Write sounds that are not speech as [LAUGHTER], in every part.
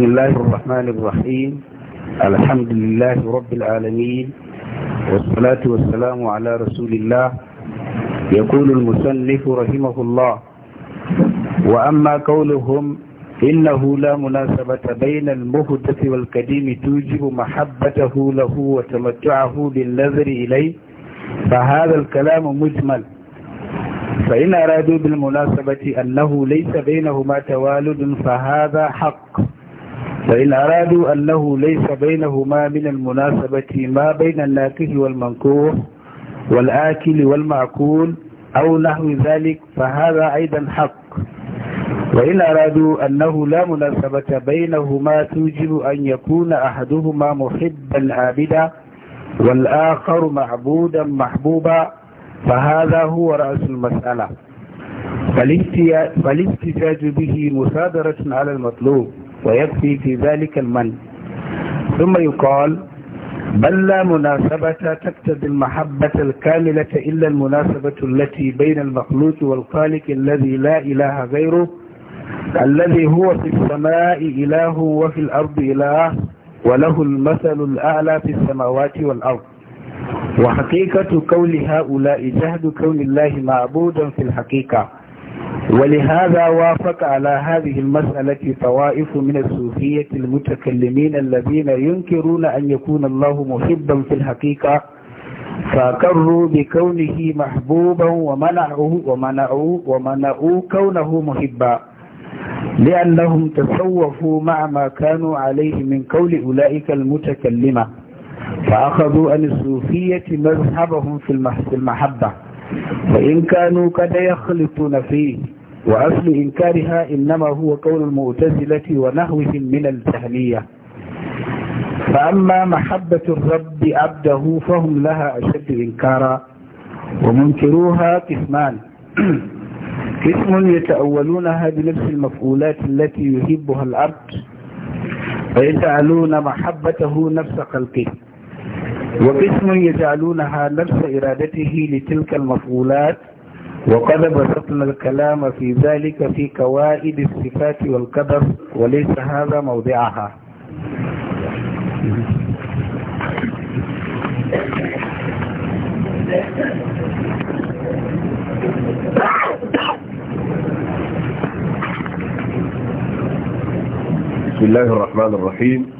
بسم الله الرحمن الرحيم الحمد لله رب العالمين والصلاة والسلام على رسول الله يقول المسلف رحمه الله وأما قولهم إنه لا مناسبة بين المهدث والقديم توجب محبته له وتمتعه بالنظر إليه فهذا الكلام مجمل فإن أرادوا بالمناسبة أنه ليس بينهما توالد فهذا حق فإن أرادوا أنه ليس بينهما من المناسبة ما بين الناكه والمنكوح والآكل والمعقول أو نحو ذلك فهذا أيضا حق وإن أرادوا أنه لا مناسبة بينهما توجب أن يكون أحدهما محبا عابدا والآخر معبودا محبوبا فهذا هو رأس المسألة فالاحتجاج به مصادرة على المطلوب ويكفي في ذلك المن ثم يقال بل لا مناسبة تقتضي المحبة الكاملة إلا المناسبة التي بين المخلوق والخالق الذي لا إله غيره الذي هو في السماء إله وفي الأرض إله وله المثل الأعلى في السماوات والأرض وحقيقة قول هؤلاء جهد كون الله معبودا في الحقيقة ولهذا وافق على هذه المسألة طوائف من الصوفية المتكلمين الذين ينكرون أن يكون الله محبا في الحقيقة فأقروا بكونه محبوبا ومنعوه ومنعوا ومنعوا كونه محبا لأنهم تصوفوا مع ما كانوا عليه من قول أولئك المتكلمة فأخذوا عن الصوفية مذهبهم في المحبة فإن كانوا قد يخلطون فيه وأصل إنكارها إنما هو قول المعتزلة ونحوهم من الجهلية فأما محبة الرب عبده فهم لها أشد إنكارا ومنكروها قسمان [CLEARS THROAT] قسم يتأولونها بنفس المفعولات التي يحبها العبد ويجعلون محبته نفس خلقه وقسم يجعلونها نفس إرادته لتلك المفعولات وقد بسطنا الكلام في ذلك في كوائد الصفات والقدر وليس هذا موضعها بسم الله الرحمن الرحيم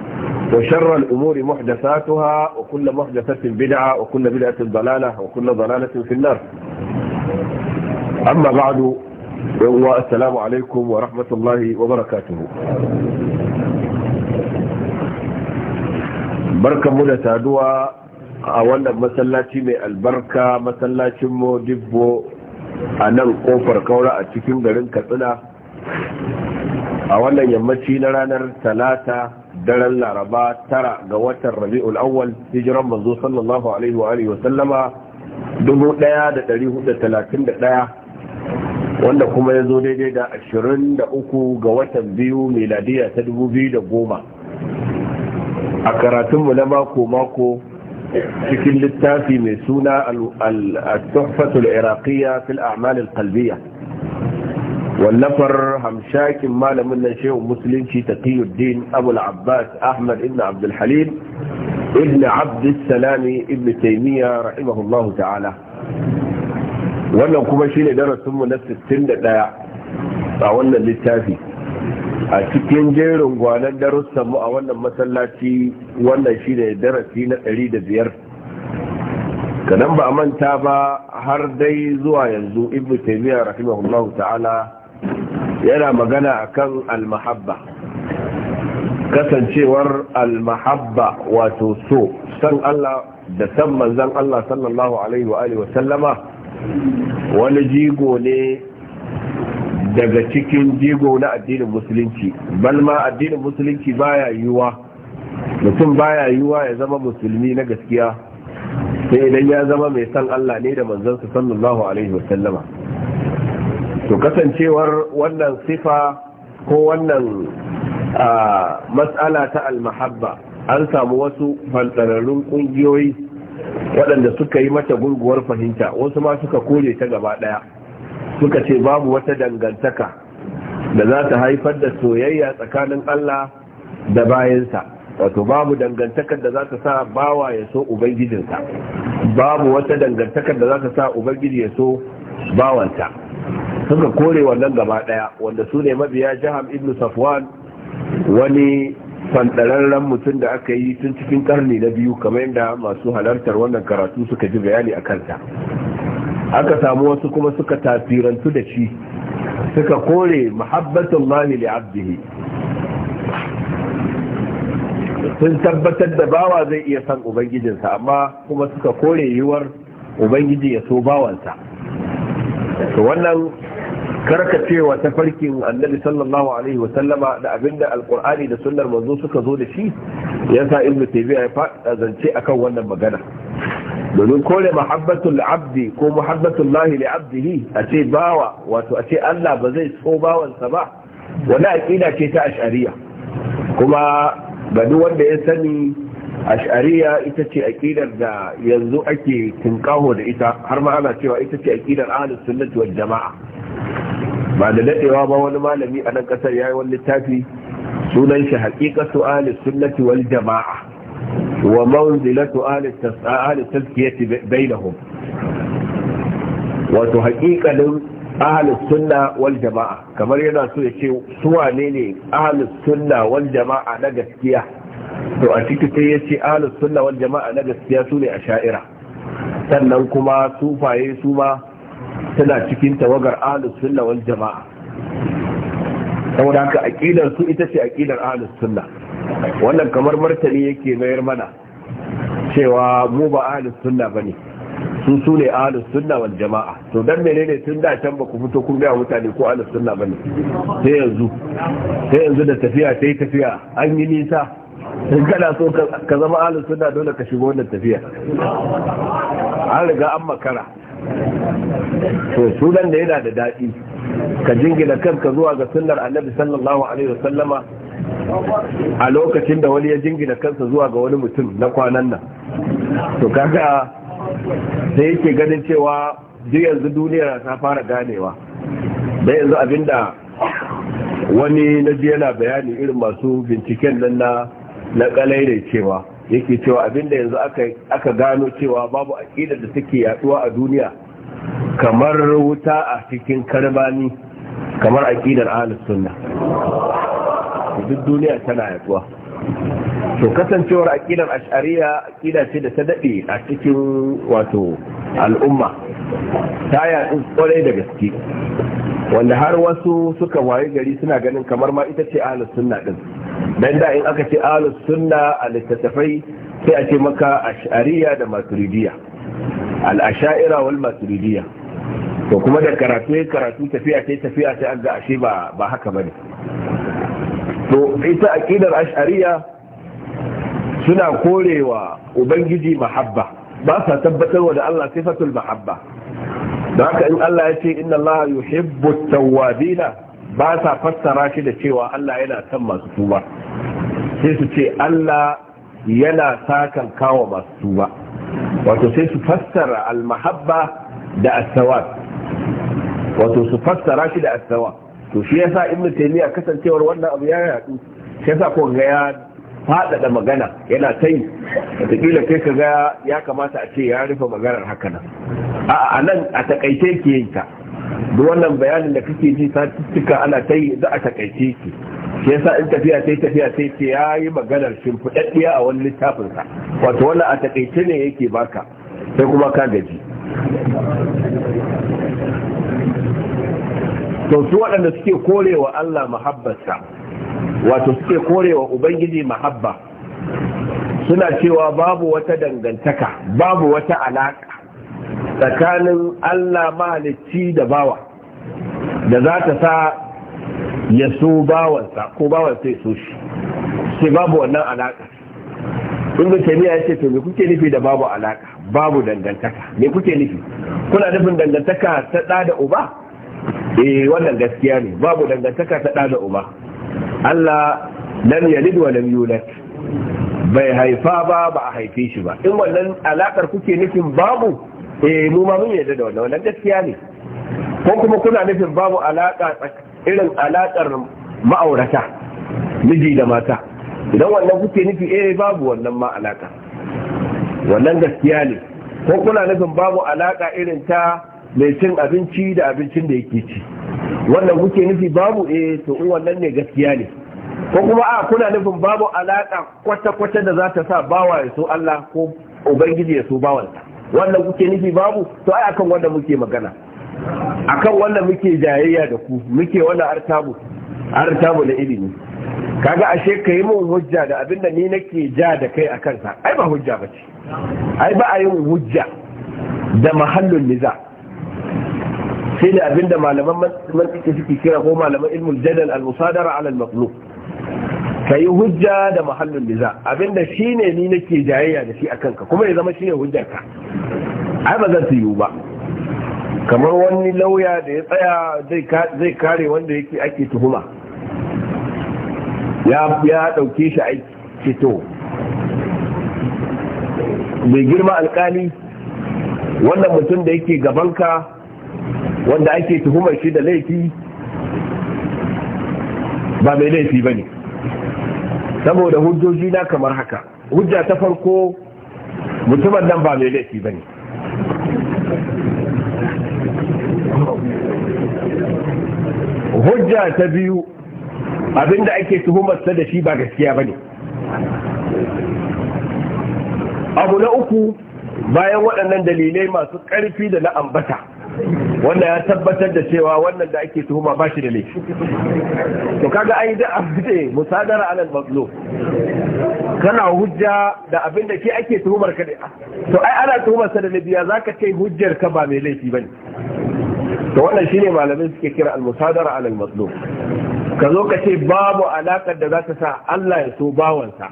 وشر الأمور محدثاتها وكل محدثة بدعة وكل بدعة ضلالة وكل ضلالة في النار أما بعد السلام عليكم ورحمة الله وبركاته barkan mu da saduwa a wannan masallaci mai albarka masallacin mu a nan kofar kaura a cikin garin katsina a wannan yammaci na ranar talata daren laraba tara ga watan rabi'ul awwal hijiran manzo sallallahu alaihi wa alihi wa sallama 1431 wanda kuma ya zo daidai da 23 ga watan biyu miladiya ta 2010 a karatunmu na mako-mako cikin littafi mai suna al-tuhfatul iraqiyya fil a'mal al-qalbiyya wallafar hamshakin malamin nan shehu musulunci taqiyuddin abul abbas ahmad ibn abdul ibn abdul salami ibn taymiya rahimahullahu ta'ala wannan kuma shine darasinmu na 61 a wannan littafi a cikin jerin gwanan mu a wannan masallaci wannan shi ne darasi na ɗari da biyar kanan ba a manta ba har dai zuwa yanzu ibn taymiya rahimahullahu ta'ala yana magana akan almahabba kasancewar almahabba wato so san Allah da san manzan Allah sallallahu alaihi wa alihi wasallama wani jigo ne daga cikin jigo na addinin musulunci balma addinin musulunci baya yiwuwa mutum baya yiwuwa ya zama musulmi na gaskiya sai idan ya zama mai san Allah ne da manzansa sallallahu alaihi wasallama to kasancewar wannan sifa ko wannan matsala ta almahabba an samu wasu fantsararrun kungiyoyi waɗanda suka yi mata gurguwar fahimta wasu ma suka kore ta gaba ɗaya suka ce babu wata dangantaka da za ta haifar da soyayya tsakanin Allah da bayansa wato babu dangantakar da za ta sa bawa ya so ubangijinsa babu wata dangantakar da za ta sa ubangiji ya so bawanta suka kore wannan gaba daya wanda su ne mabiya jaham ibn safwan wani fandararren mutum da aka yi tun cikin karni na biyu kamar yadda masu halartar wannan karatu suka ji bayani a kanta aka samu wasu kuma suka tasirantu da shi suka kore muhabbatun mani li abdihi sun tabbatar da bawa zai iya san ubangijinsa amma kuma suka kore yiwuwar ubangiji ya so bawansa wannan karka cewa ta farkin annabi sallallahu alaihi wa sallama da abinda alqur'ani da sunnar manzo suka zo da shi yasa ibnu taymiya ya fada zance akan wannan magana domin kore mahabbatul abdi ko muhabbatul lahi li abdihi a ce bawa wato a ce Allah ba zai so bawansa ba wani aqida ce ta ash'ariya kuma ga duk wanda ya sani ash'ariya ita ce aqidar da yanzu ake tinkaho da ita har ma ana cewa ita ce aqidar ahlus sunnati wal jama'a ba da daɗewa ba wani malami a nan ƙasar ya yi wani littafi sunan shi haƙiƙatu ahli sunnati wal jama'a wa manzilatu ahli tazkiyati bainahum wato haƙiƙanin ahli sunna wal jama'a kamar yana so ya ce su wane ne ahli sunna wal jama'a na gaskiya to a ciki sai ya ce ahli sunna wal jama'a na gaskiya su ne a sha'ira sannan kuma sufaye su ma tana cikin tawagar ahlus sunna wal jama'a saboda haka aqidar su ita ce aqidar ahlus sunna wannan kamar martani yake mayar mana cewa mu ba ahlus sunna bane su su ne ahlus sunna wal jama'a to dan menene tun da can ba ku fito kun ga mutane ko ahlus sunna bane sai yanzu sai yanzu da tafiya sai tafiya an yi nisa in kana so ka zama ahlus sunna dole ka shigo wannan tafiya an riga an makara to sunan da yana da daɗi ka jingina kanka zuwa ga sunnar annabi sallallahu alaihi wasallama a lokacin da wani ya jingina kansa zuwa ga wani mutum na kwanan nan to kaga sai yake ganin cewa duk yanzu duniyar ta fara ganewa da yanzu abinda wani na yana bayani irin masu binciken nan na na kalai da cewa yake cewa abinda yanzu aka gano cewa babu aƙidar da suke yaduwa a duniya kamar wuta a cikin karbani kamar aƙidar ahalus duk duniya tana yaduwa to kasancewar aƙidar ash'ariya aƙida ce da ta daɗe a cikin wato al'umma ta yaɗu kwarai da gaske wanda har wasu suka wayi gari suna ganin kamar ma ita ce ahalus sunna din dan da in aka ce ahlus sunna a littattafai sai a ce maka ash'ariya da maturidiya al-asha'ira wal maturidiya to kuma da karatu ya karatu tafiya sai tafiya sai an ga ashe ba ba haka bane to ita aqidar ash'ariya suna korewa ubangiji mahabba ba sa tabbatarwa da Allah sifatul mahabba don haka in Allah ya ce inna Allah yuhibbu tawwabina ba sa fassara shi da cewa Allah yana son masu tuba sai su ce Allah yana sakan kawo masu tuba wato sai su fassara almahabba da asawab wato su fassara shi da asawa to shi yasa ibnu taymiya kasancewar wannan abu ya yadu shi yasa ko ga ya faɗaɗa magana yana ta yi wataƙila kai ka ga ya kamata a ce ya rufe maganar haka nan a nan a takaice ke yin ta duk wannan bayanin da kake ji satuttuka ana ta yi za a takaice ki shi yasa in tafiya sai tafiya sai ce ya yi maganar shimfiɗaɗɗiya a wani littafinsa wato wannan a takaice ne yake baka sai kuma ka gaji to su waɗanda suke korewa Allah mahabbarsa wato suke korewa ubangiji mahabba suna cewa babu wata dangantaka babu wata alaka tsakanin Allah mahalicci da bawa da za ta sa ya so bawansa ko bawansa ya so shi sai babu wannan alaƙa inda taimiyya ya ce to me kuke nufi da babu alaƙa babu dangantaka me kuke nufi kuna nufin dangantaka ta ɗa da uba eh wannan gaskiya ne babu dangantaka ta ɗa da uba Allah lam yalid wa lam yulad bai haifa ba ba a haife shi ba in wannan alakar kuke nufin babu eh mu ma mun yarda da wannan wannan gaskiya ne ko kuma kuna nufin babu alaka irin alakar ma'aurata miji da mata idan wannan kuke nufi eh babu wannan ma alaka wannan gaskiya ne ko kuna nufin babu alaka irin ta mai cin abinci da abincin da yake ci wannan kuke nufi babu eh to wannan ne gaskiya ne ko kuma a kuna nufin babu alaka kwata-kwata da za ta sa bawa ya so Allah ko ubangiji ya so bawansa wanda kuke nufi babu to ai akan wanda muke magana akan wanda muke jayayya da ku muke wanda artabu artabu na ilimi kaga ashe ka yi mun hujja da abinda ni nake ja da kai a kansa ai ba hujja ba ce ai ba a hujja da mahallin niza sai da abinda malaman mantiki suke kira ko malaman ilmul jadal al-musadara ala al-maqlub ka yi hujja da muhallin biza abinda shi ne ni nake jayayya da shi a kanka kuma ya zama shi ne ka ai ba zan yiwu ba kamar wani lauya da ya tsaya zai kare wanda yake ake tuhuma ya ɗauke shi aiki fito mai girma alkali wannan mutum da yake gabanka wanda ake tuhumar shi da laifi ba mai laifi ba ne saboda hujjoji na kamar haka hujja ta farko mutumin nan ba mai laifi ba ne hujja ta biyu abinda ake tuhumarsa da shi ba gaskiya ba ne abu na uku bayan waɗannan dalilai masu ƙarfi da na ambata wanda ya tabbatar da cewa wannan da ake tuhuma ba shi da laifi to kaga ai da abuje musadara alal mazlum kana hujja da abin da ke ake tuhumar ka to ai ana tuhumar sa da laifi zaka kai hujjar ka ba mai laifi bane to wannan shine malamin suke kira al musadara alal mazlum ka zo ka ce babu alakar da za ta sa Allah ya so bawansa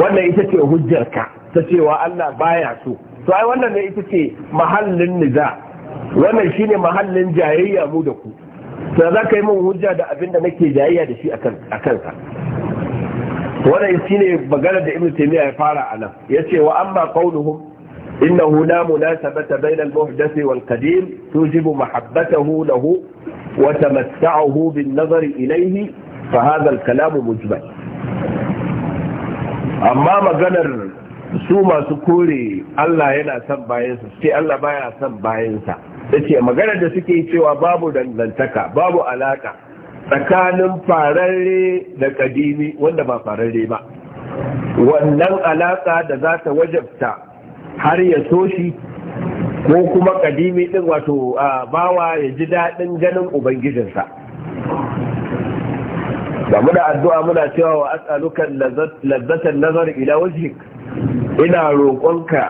wannan ita ce hujjar ka ta cewa Allah baya so to ai wannan ne ita ce mahallin niza wannan shine mahallin jayayya mu da ku to za ka yi min hujja da abin da nake jayayya da shi a kansa wannan shine magana da ibnu taymiya ya fara a nan yace wa amma qawluhum innahu la munasabata bayna al-muhdath wal qadim tujibu mahabbatahu lahu wa tamatta'uhu bin nazar ilayhi fa hadha al-kalam mujmal amma maganar su masu kore Allah yana son bayansa sai Allah baya son bayansa yace maganar da suke cewa babu dangantaka babu alaka tsakanin fararre da kadimi wanda ba fararre ba wannan alaka da za ta wajabta har ya so ko kuma kadimi din wato bawa ya ji daɗin ganin ubangijinsa ba muna addu'a muna cewa wa as'aluka lazzatan nazar ila wajhik ina roƙonka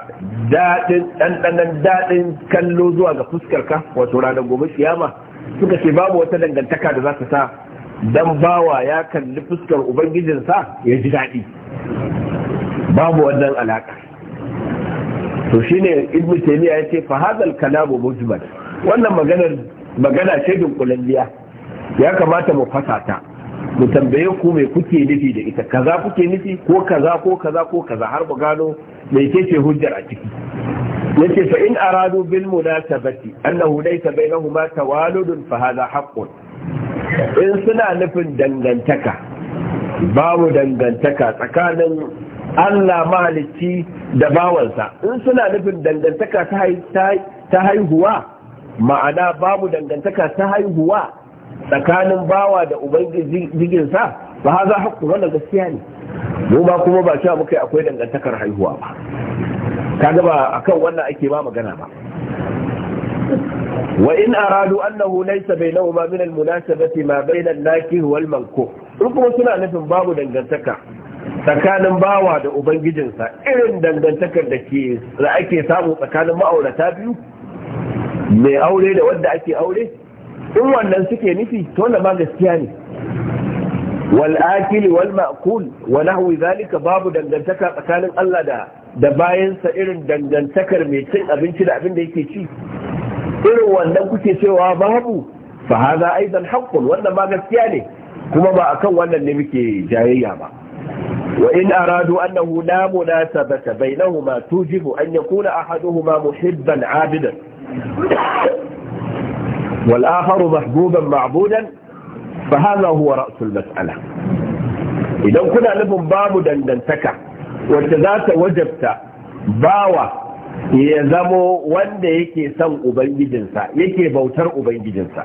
daɗin ɗanɗanan daɗin kallo zuwa ga fuskar ka. wato ranar gobe kiyama suka ce babu wata dangantaka da za ka sa dan bawa ya kalli fuskar ubangijinsa ya ji daɗi babu wannan alaƙa to shine ibnu taymiya ce fa hadal kalamu mujmal wannan magana ce dunkulalliya ya kamata mu fasata mu tambaye ku mai kuke nufi da ita kaza kuke nufi ko kaza ko kaza ko kaza har ku gano mai ce hujjar a ciki yace fa in aradu bil munasabati annahu laysa bainahuma tawaludun fa hadha haqqun in suna nufin dangantaka babu dangantaka tsakanin Allah mahalicci da bawansa in suna nufin dangantaka ta haihuwa ma'ana babu dangantaka ta haihuwa tsakanin bawa da ubangijinsa ba haza haƙƙu wannan gaskiya ne mu ba kuma ba cewa muka akwai dangantakar haihuwa ba kaga ba akan wannan ake ba magana ba wa in aradu annahu laysa ma min almunasabati ma bainan nakih wal manku in kuma suna nufin babu dangantaka tsakanin bawa da ubangijinsa irin dangantakar da ke da ake samu tsakanin ma'aurata biyu mai aure da wanda ake aure in wannan suke nufi to na ma gaskiya ne wal akili wal ma'kul wa nahwi zalika babu dangantaka tsakanin Allah da da bayansa irin dangantakar mai cin abinci da abin da yake ci irin wannan kuke cewa babu fa hadha aidan haqqun wannan ma gaskiya ne kuma ba akan wannan ne muke jayayya ba وإن أرادوا أنه لا مناسبة بينهما توجب an yakuna ahaduhuma muhibban abidan والآخر محبوبا معبودا فهذا هو Idan kuna nufin كنا نبن باب za ta wajabta bawa ya zamo wanda yake son ubangijinsa yake bautar ubangijinsa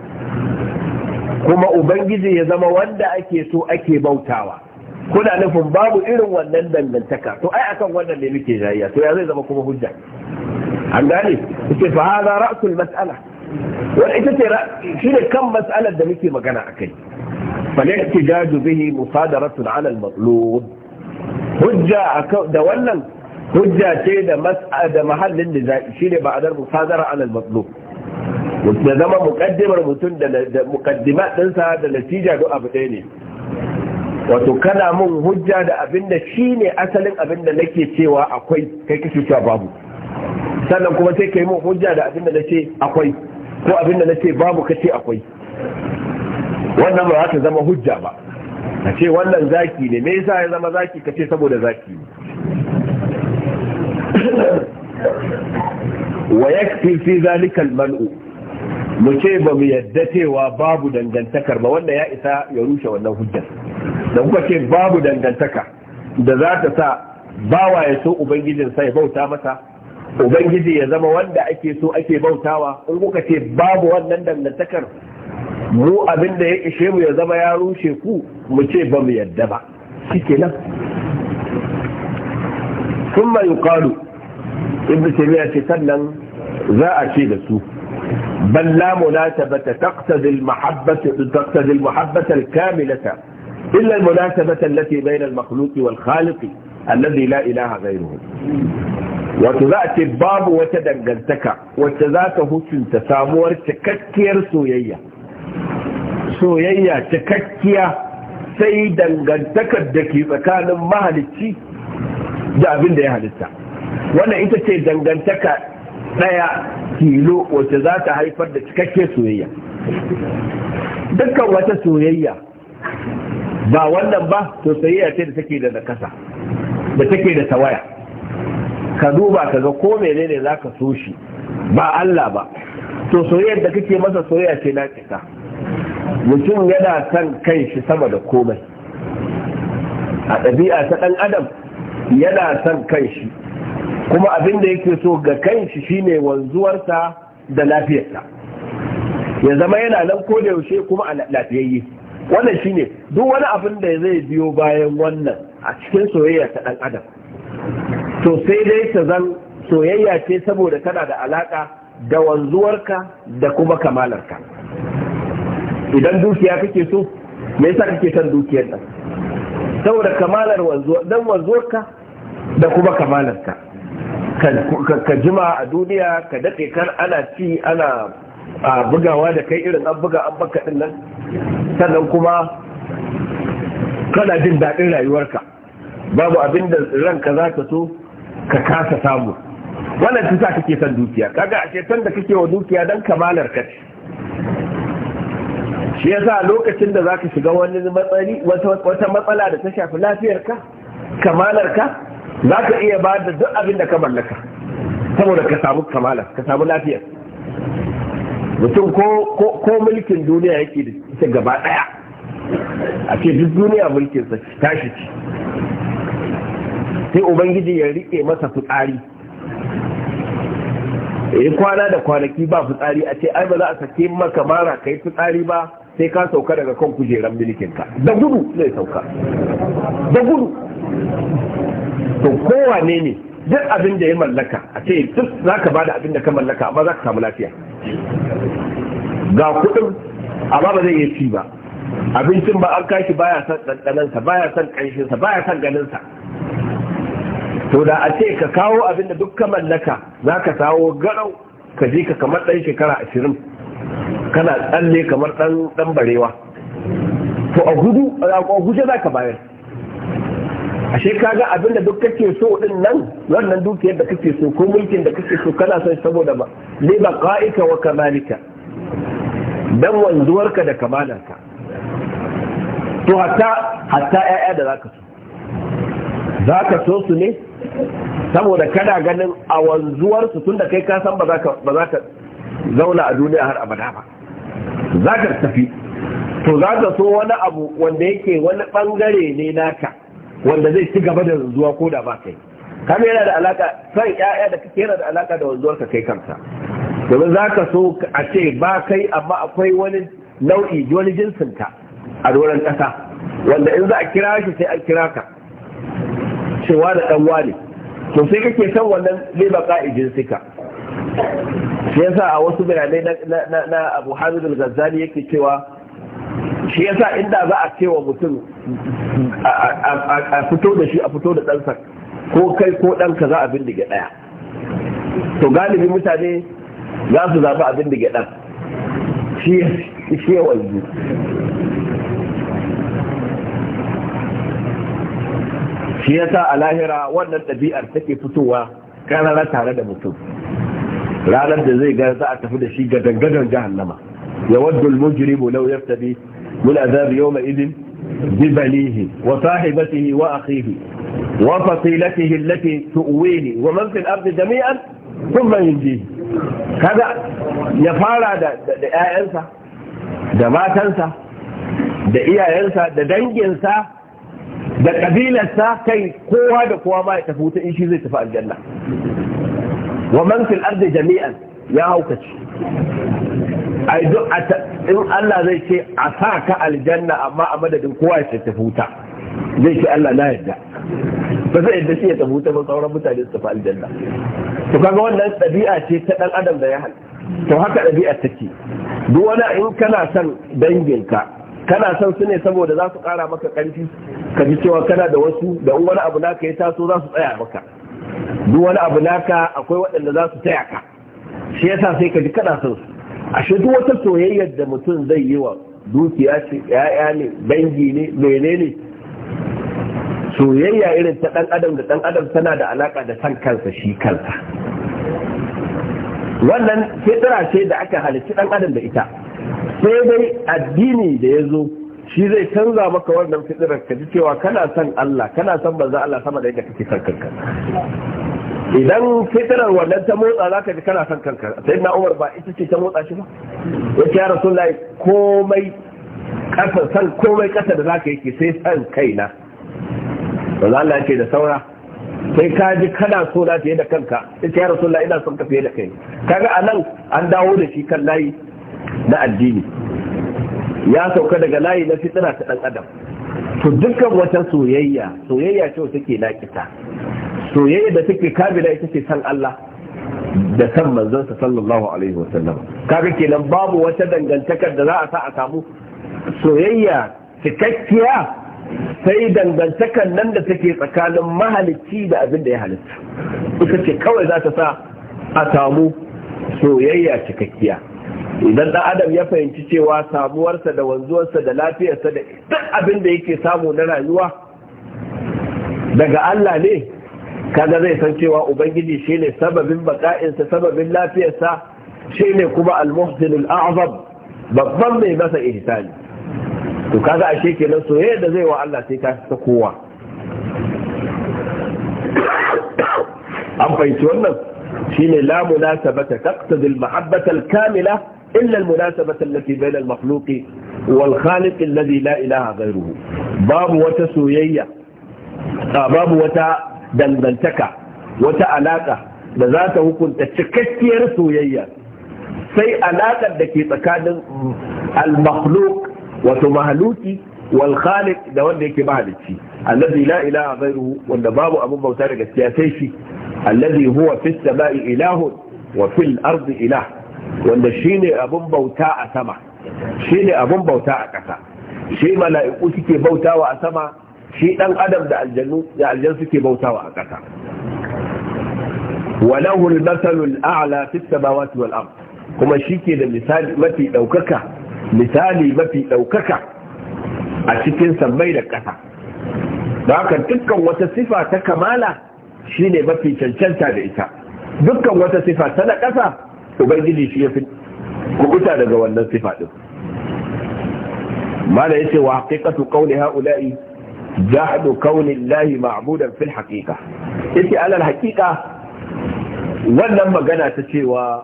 kuma ubangiji ya zama wanda ake so ake bautawa kuna nufin babu irin wannan dangantaka to ai akan wannan ne muke jayya to ya zai zama kuma hujja an gane yake ra'sul mas'ala wani ita ce shi ne kan matsalar da muke magana a kai falai ki gaju bihi musadaratun ala al-matlub hujja da wannan hujja ce da da mahallin da zai shi ne ba'adar musadara ala al-matlub da zama mukaddimar mutum da mukaddimat ɗinsa da natija do abu ɗaya ne wato kana mun hujja da abin da shi ne asalin abin da nake cewa akwai kai kake cewa babu sannan kuma sai kai mun hujja da abin da nace akwai ko abin da nace babu kace akwai wannan ba za ta zama hujja ba a ce wannan zaki ne me yasa ya zama zaki kace saboda zaki ne [COUGHS] wa yakfi fi zalika al-mal'u mu ce ba mu yadda cewa babu dangantakar ba wanda ya isa ya rushe wannan hujjar da kuka ce babu dangantaka da za ta sa bawa ya so ubangijin sai bauta masa ubangiji ya zama wanda ake so ake bautawa in kuka ce babu wannan dangantakar mu abin da ya ishe mu ya zama ya rushe ku mu ce ba mu yadda ba shikenan thumma yuqalu ibnu taymiya ce sannan za a ce da su بل لا مناسبة تقتضي المحبة تقتضي المحبة الكاملة إلا المناسبة التي بين المخلوق والخالق الذي لا إله غيره wato za a ce babu wata dangantaka wacce za ta hukunta samuwar cikakkiyar soyayya soyayya cikakkiya sai dangantakar da ke tsakanin mahalicci da abin da ya halitta wannan ita ce dangantaka ɗaya kilo wacce za ta haifar da cikakkiyar soyayya dukkan wata soyayya ba wannan ba to soyayya ce da take da nakasa da take da tawaya ka duba ka ga ko menene za ka so shi ba Allah ba to soyayyar da kake masa soyayya ce na kisa mutum yana son kai shi sama da komai a ɗabi'a ta ɗan adam yana son kan shi kuma abin da yake so ga kan shi shine wanzuwarsa da lafiyarsa ya zama yana nan ko da yaushe kuma a lafiyayye wannan shine duk wani abin da zai biyo bayan wannan a cikin soyayya ta ɗan adam to sai dai ta zan soyayya ce saboda tana da alaka da wanzuwarka da kuma kamalarka idan dukiya kake so me yasa kake son dukiyar nan saboda kamalar wanzuwa dan wanzuwarka da kuma kamalarka ka jima a duniya ka daɗe kan ana ci ana a bugawa da kai irin an buga an baka ɗin nan sannan kuma kana jin daɗin rayuwarka babu abin da ranka za ka so ka kasa samu wannan ta kake son dukiya kaga a ceton da kake wa dukiya don kamalar ka ce shi yasa lokacin da zaka shiga wani matsali wata matsala da ta shafi lafiyarka za zaka iya ba da duk abin da ka mallaka saboda ka samu kamala ka samu lafiya mutum ko mulkin duniya yake da ita gaba daya a ce duk duniya mulkinsa tashi ce sai ubangiji ya rike masa fitsari E, kwana da kwanaki ba fitsari a ce ai ba za a sake maka mara ka fitsari ba sai ka sauka daga kan kujeran milikinka da gudu zai sauka da gudu to kowane ne duk abin da ya mallaka a ce duk za ka ba da abin da ka mallaka amma za ka samu lafiya ga kudin amma ba zai yi ci ba abincin ba an kashi baya son ɗanɗanansa baya son ƙanshinsa baya son ganinsa to da a ce ka kawo abin da duk mallaka za ka sawo garau ka ji ka kamar ɗan shekara ashirin kana tsalle kamar ɗan barewa to a gudu a guje za ka bayar ashe kaga abin da duk kake so din nan wannan dukiyar da kake so ko mulkin da kake so kana son saboda ba ne ba wa kamalika dan wanzuwarka da kamalarka to hatta hatta ƴaƴa da za ka so Za ka so su ne saboda kana ganin a wanzuwarsu tun da kai ka ba za ka zauna a duniya har abada ba za ka tafi to za ka so wani abu wanda yake wani bangare ne naka wanda zai ci gaba da zuwa ko da ba kai kamar yana da alaka son ƴaƴa da kake yana da alaka da wanzuwar kai kansa. domin za ka so a ce ba kai amma akwai wani nau'i wani jinsin a doron ƙasa wanda in za a kira shi sai an kira ka cewa da ɗan wane to sai kake san wannan zai ka'ijin ijinsika shi yasa a wasu bayanai na Abu hamidul gazzani yake cewa shi yasa inda za a cewa mutum a fito da shi a fito da ɗansa ko kai ko ɗanka za a bindige ɗaya to galibi mutane za su zaɓi a bindige ɗan shi ya wanzu shi yasa a lahira wannan ɗabi'ar take fitowa karara tare da mutum ranar da zai ga za a tafi da shi ga dangadan jahannama ya waddu al-mujrimu law yaftabi min azab yawma idin bi banihi wa sahibatihi wa akhihi wa fasilatihi allati tu'wini wa man fil ardi jami'an thumma yunjihi kada ya fara da da ƴaƴansa da matansa da iyayensa da danginsa da kabilarsa kai kowa da kowa ba ya tafi wuta in shi zai tafi aljanna wa man fil ardi jami'an ya haukace ai duk in Allah zai ce a sa ka aljanna amma a madadin kowa ya tafi wuta zai ce Allah na yarda ba zai yarda shi ya tafi wuta ba sauran mutane su tafi aljanna to kaga wannan ɗabi'a ce ta dan adam da ya hal to haka ɗabi'a take duk wani in kana son danginka kana son su ne saboda za su kara maka karfi ka ji cewa kana da wasu da wani abu naka ya taso za su tsaya maka duk wani abu naka akwai waɗanda za su tsaya ka shi yasa sai ka ji kana son su ashe duk wata soyayyar da mutum zai yi wa dukiya ce ya'ya ne dangi ne menene soyayya irin ta dan adam da dan adam tana da alaka da san kansa shi kansa wannan fitira ce da aka halicci dan adam da ita sai dai addini da ya zo shi zai canza maka wannan fitirar ka ji cewa kana son Allah kana son banza Allah sama da yadda kake son kanka idan fitirar wannan ta motsa zaka ji kana son kanka sai na Umar ba ita ce ta motsa shi ba yace ya Rasulullahi komai kasa san komai kasa da zaka yake sai san kaina za Allah yake da saura sai ka ji kana so na fiye da kanka sai ya Rasulullahi ina son ka fiye da kai kaga anan an dawo da shi kan layi na addini ya sauka daga layi na fitina ta dan adam to dukkan wata soyayya soyayya ce take nakita soyayya da take kabila ita ce san Allah da san sa sallallahu alaihi wasallam kaga kenan babu wata dangantakar da za a sa a samu soyayya cikakkiya sai dangantakar nan da take tsakanin mahalicci da abin da ya halitta ita ce kawai za ta sa a samu soyayya cikakkiya idan ɗan adam ya fahimci cewa samuwarsa da wanzuwarsa da lafiyarsa da duk abin da yake samu na rayuwa daga Allah ne kaga zai san cewa ubangiji shine sababin baka'insa sababin lafiyarsa shine kuma al al a'zam babban mai masa ihsani to kaga ashe kenan soyayya da zai wa Allah sai ka ta kowa an fahimci wannan shine la munasabata taqtadi al-mahabbata al-kamila إلا المناسبة التي بين المخلوق والخالق الذي لا إله غيره باب وتسويية باب وتدنبنتك وتعلاقة لذات هكون تشككير سويية سي علاقة دكي تكاد المخلوق وتمهلوكي والخالق da wanda yake mahalicci allazi la ilaha ghairuhu wanda babu abun bauta da gaskiya sai shi allazi huwa fis sama'i ilahun wa fil ardi ilah wanda shine abin bauta a sama shine abin bauta a ƙasa shi mala'iku suke bautawa a sama shi ɗan adam da aljan suke bautawa a ƙasa walahu al-masalul a'la fi as-samawati wal ard kuma shike da misali mafi daukaka misali mafi daukaka a cikin sammai da ƙasa da haka dukkan wata sifa ta kamala shine mafi cancanta da ita dukkan wata sifa ta na ƙasa ubangiji shi ya fi kukuta daga wannan sifa ɗin. mala yace wa haqiqatu qawli haula'i jahdu qawli Allah ma'budan fil haqiqa yace alal haqiqa wannan magana ta cewa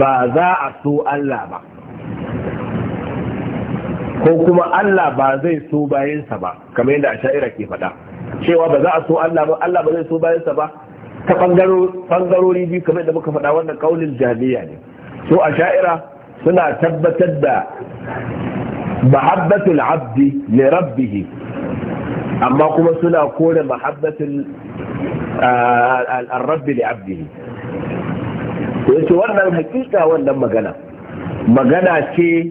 ba za a so Allah ba ko kuma Allah ba zai so bayansa ba kamar yadda a ke faɗa cewa ba za a so Allah ba Allah ba zai so bayansa ba ta ɓangarori biyu kamar da muka faɗa wannan kaunin jami'a ne so a sha'ira suna tabbatar da mahabbatul abdi li rabbihi amma kuma suna kore mahabbatul rabbi li abdihi to yace wannan hakika wannan magana magana ce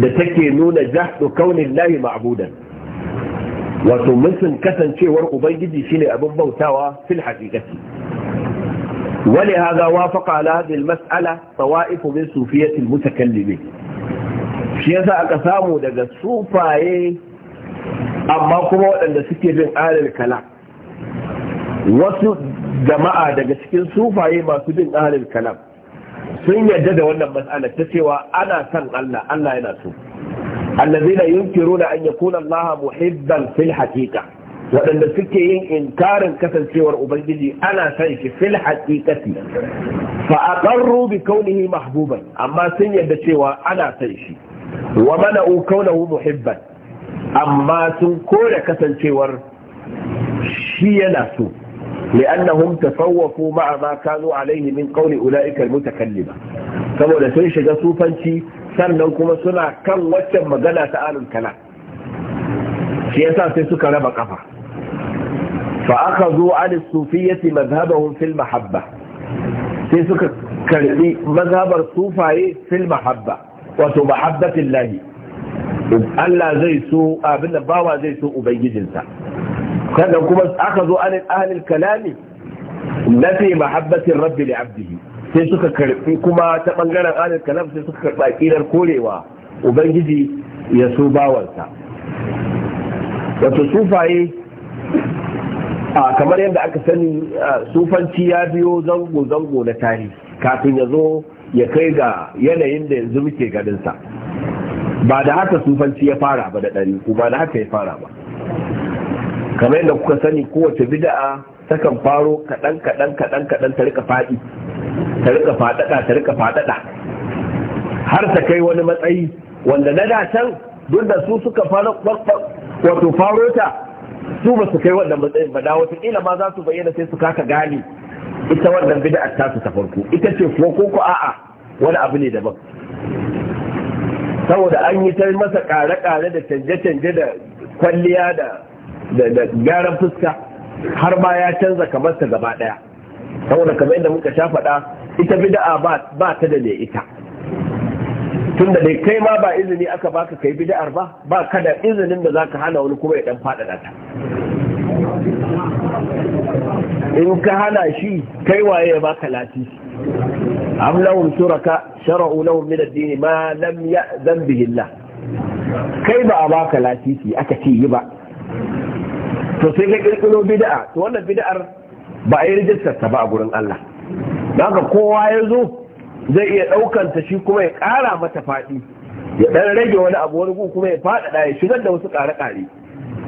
da take nuna jahdu kaunin lahi ma'budan wato musun kasancewar ubangiji shine abin bautawa fil haqiqati ولهذا وافق على هذه المسألة طوائف من صوفية المتكلمين شيئا أكسامو دقى الصوفاية أما كما أن سكي من آل الكلام wasu jama'a daga cikin sufaye masu bin ahalin kalam sun yarda da wannan mas'ala ta cewa ana san Allah Allah yana so allazina yunkiruna an yakuna Allah muhibban fil haqiqa waɗanda suke yin inkarin kasancewar ubangiji ana san shi fil haƙiƙati fa aqarru bi kaunihi mahbuban amma sun yadda cewa ana san shi wa mana'u kaunahu muhibban amma sun kore kasancewar shi yana so لأنهم تصوفوا مع ما كانوا عليه من قول أولئك المتكلمة saboda sun shiga sufanci sannan kuma suna kan waccan magana ta alul kalam shi yasa sai suka raba ƙafa. فأخذوا عن الصوفية مذهبهم في المحبة sai suka karbi mazhabar sufaye fil mahabba wato mahabbatin lahi Allah zai so abin da bawa zai so ubangijinsa kada kuma aka zo an ahlil kalami nafi mahabbatin rabbi li abdihi sai suka karbi kuma ta bangaren Ali kalam sai suka karba kirar korewa ubangiji ya so bawansa wato sufaye a kamar yadda aka sani sufanci ya biyo zango-zango na tarihi kafin ya zo ya kai ga yanayin da yanzu muke gadinsa, ba da haka sufanci ya fara ba da ɗari ba da haka ya fara ba kamar yadda kuka sani kowace bida'a takan faro kaɗan kaɗan kaɗan kaɗan ta rika faɗi ta rika faɗaɗa ta rika faɗaɗa har ta kai wani matsayi wanda na da can duk da su suka faro wato faro ta su ba su kai wannan matsayin ba da watakila ma za su bayyana sai su kaka gane ita wannan bid'a ta su ta farko ita ce ko ko ko a'a wani abu ne daban saboda an yi ta masa kare-kare da canje-canje da kwalliya da gyaran fuska har ba ya canza kamar ta gaba daya saboda kamar inda muka sha faɗa ita bid'a ba ta da ne ita tun da dai kai ma ba izini aka baka kai bid'ar ba ba ka da izinin da zaka hana wani kuma ya dan faɗaɗa ta in ka hana shi kai waye ya baka lati am lahum shuraka shara'u lahum min ad-din ma lam ya'zan bihi Allah kai ba a baka latisi aka ce yi ba to sai ka kirkiro bid'a to wannan bid'ar ba a yi rijistar ta ba a gurin Allah don haka kowa ya zo zai iya ɗaukanta shi kuma ya ƙara mata faɗi ya ɗan rage wani abu wani kuma ya faɗaɗa ya shigar da wasu ƙare-ƙare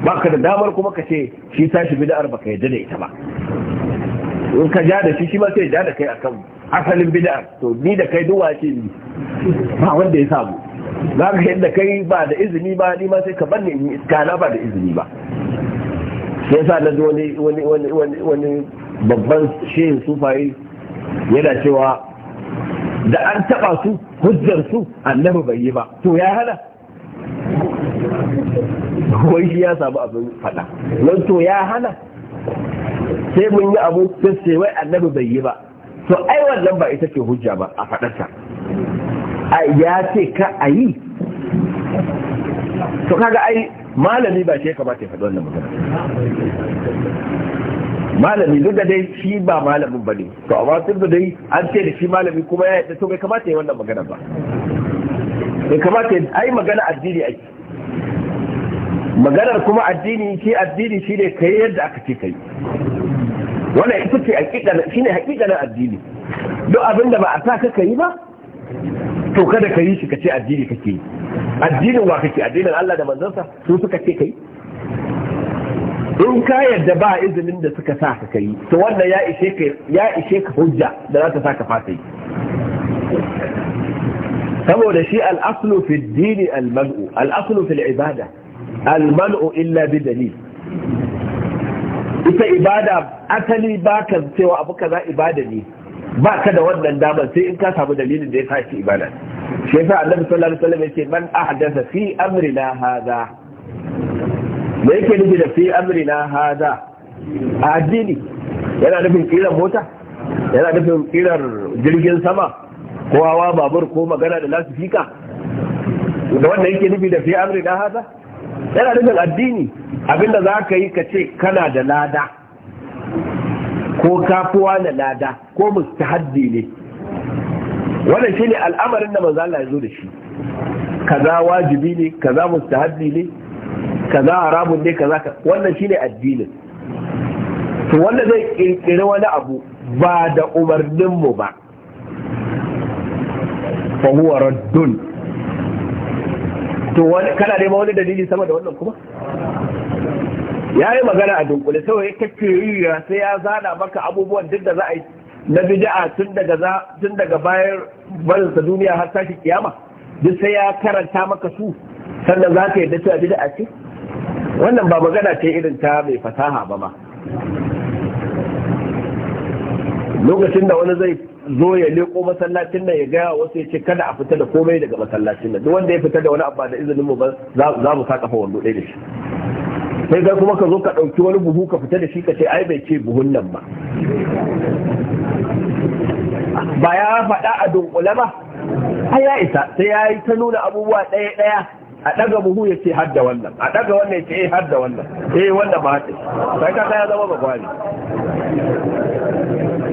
ba ka da damar kuma ka ce shi tashi bida'ar ba ka yarda da ita ba in ka ja da shi shi ma sai ja da kai akan asalin bida'ar to ni da kai duwa ce ni ba wanda ya samu za ka yadda kai ba da izini ba ni ma sai ka banne ni iskana ba da izini ba sai sa na wani wani wani babban shehin sufayi yana cewa da an taba su hujjar su annabi bai yi ba to ya hana wai shi ya samu abin fada don to ya hana sai mun yi abu sai wai annabi bai yi ba to ai wannan ba ita ce hujja ba a fadarsa ya ce ka a yi to kaga ai malami ba shi ya kamata ya faɗi wannan mutum malami duk da dai shi ba malamin ba ne to amma duk da dai an ce da shi malami kuma ya yadda to bai kamata ya wannan magana ba bai kamata ya ai magana addini ake maganar kuma addini shi addini shi ne kai yadda aka ce kai wannan ita ce shi ne hakikanin addini duk abin da ba a sa ka yi ba to kada ka yi shi ka ce addini kake yi addinin wa kake addinin Allah da manzansa su suka ce kai in ka yarda ba izinin da suka sa ka kai to wannan ya ishe ka ya ishe ka hujja da za ta sa ka fasa yi saboda shi al-aslu fi ad-din al-mal'u al-aslu fi al-ibada al-mal'u illa bi dalil ita ibada asali ba ka cewa abu kaza ibada ne ba ka da wannan damar sai in ka samu dalilin da ya sa shi ibada shi yasa annabi sallallahu alaihi wasallam yace man ahdatha fi amrina hadha da yake nufi da fi na hada a addini yana nufin kiran mota yana nufin kiran jirgin sama ko hawa babur ko magana da lasifika da wanda yake nufi da fi na hada yana nufin addini abinda za ka yi ka ce kana da lada ko kafuwa da lada ko mustahaddi ne wannan shine al'amarin da manzo ya zo da shi kaza wajibi ne kaza mustahaddi ne kaza rabu ne kaza wannan shine addinin to wanda zai kirkiri wani abu ba da umarnin mu ba fa huwa raddun to wani kana nema wani dalili sama da wannan kuma ya yi magana a dunkule saboda ya kafiriya sai ya zana maka abubuwan duk da za a yi na bid'a tun daga tun daga bayan barinsa duniya har tashi kiyama duk sai ya karanta maka su sannan za ka yadda cewa bid'a ce wannan ba magana ce irin ta mai fasaha ba ma lokacin da wani zai zo ya leko masallacin nan ya gaya wasu ya ce kada a fita da komai daga masallacin nan duk wanda ya fita da wani abu da izinin mu ba za mu sa kafa wando ɗaya da shi sai ga kuma ka zo ka ɗauki wani buhu ka fita da shi ka ce ai bai ce buhun nan ba ba ya faɗa a dunkule ba ai ya isa sai ya yi ta nuna abubuwa ɗaya ɗaya a ɗaga buhu ya ce hadda wannan a ɗaga wannan ya ce eh hadda wannan eh wanda ba hadda sai ka ya zama bakwari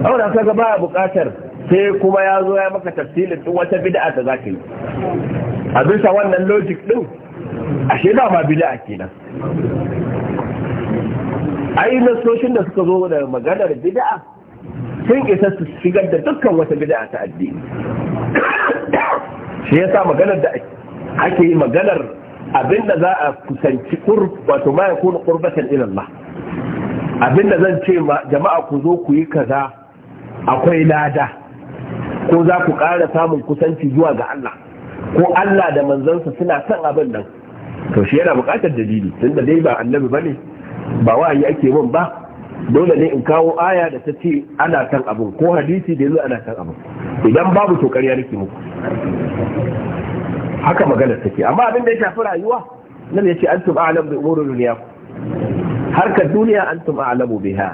aure ka ga ba buƙatar sai kuma ya zo ya maka tafsilin duk wata bida'a da zaka yi a bisa wannan logic din ashe da ma bid'a kenan ai nasoshin da suka zo da maganar bida'a sun isa su shigar da dukkan wata bida'a ta addini [COUGHS] shi ya sa maganar da ake ake yi maganar abinda za a kusanci wato ma yakunu qurbatan ila Allah abinda zan ce ma jama'a ku zo ku yi kaza akwai lada ko za ku ƙara samun kusanci zuwa ga Allah ko Allah da manzansa suna son abin nan to shi yana buƙatar dalili Tun da dai ba annabi bane ba wa'ayi ake min ba dole ne in kawo aya da ta ce ana son abin ko hadisi da yanzu ana son abin idan babu to ƙarya nake muku haka magana take amma abin da ya shafi rayuwa nan ya ce antum a'lam bi umuri duniya harkar duniya antum a'lamu biha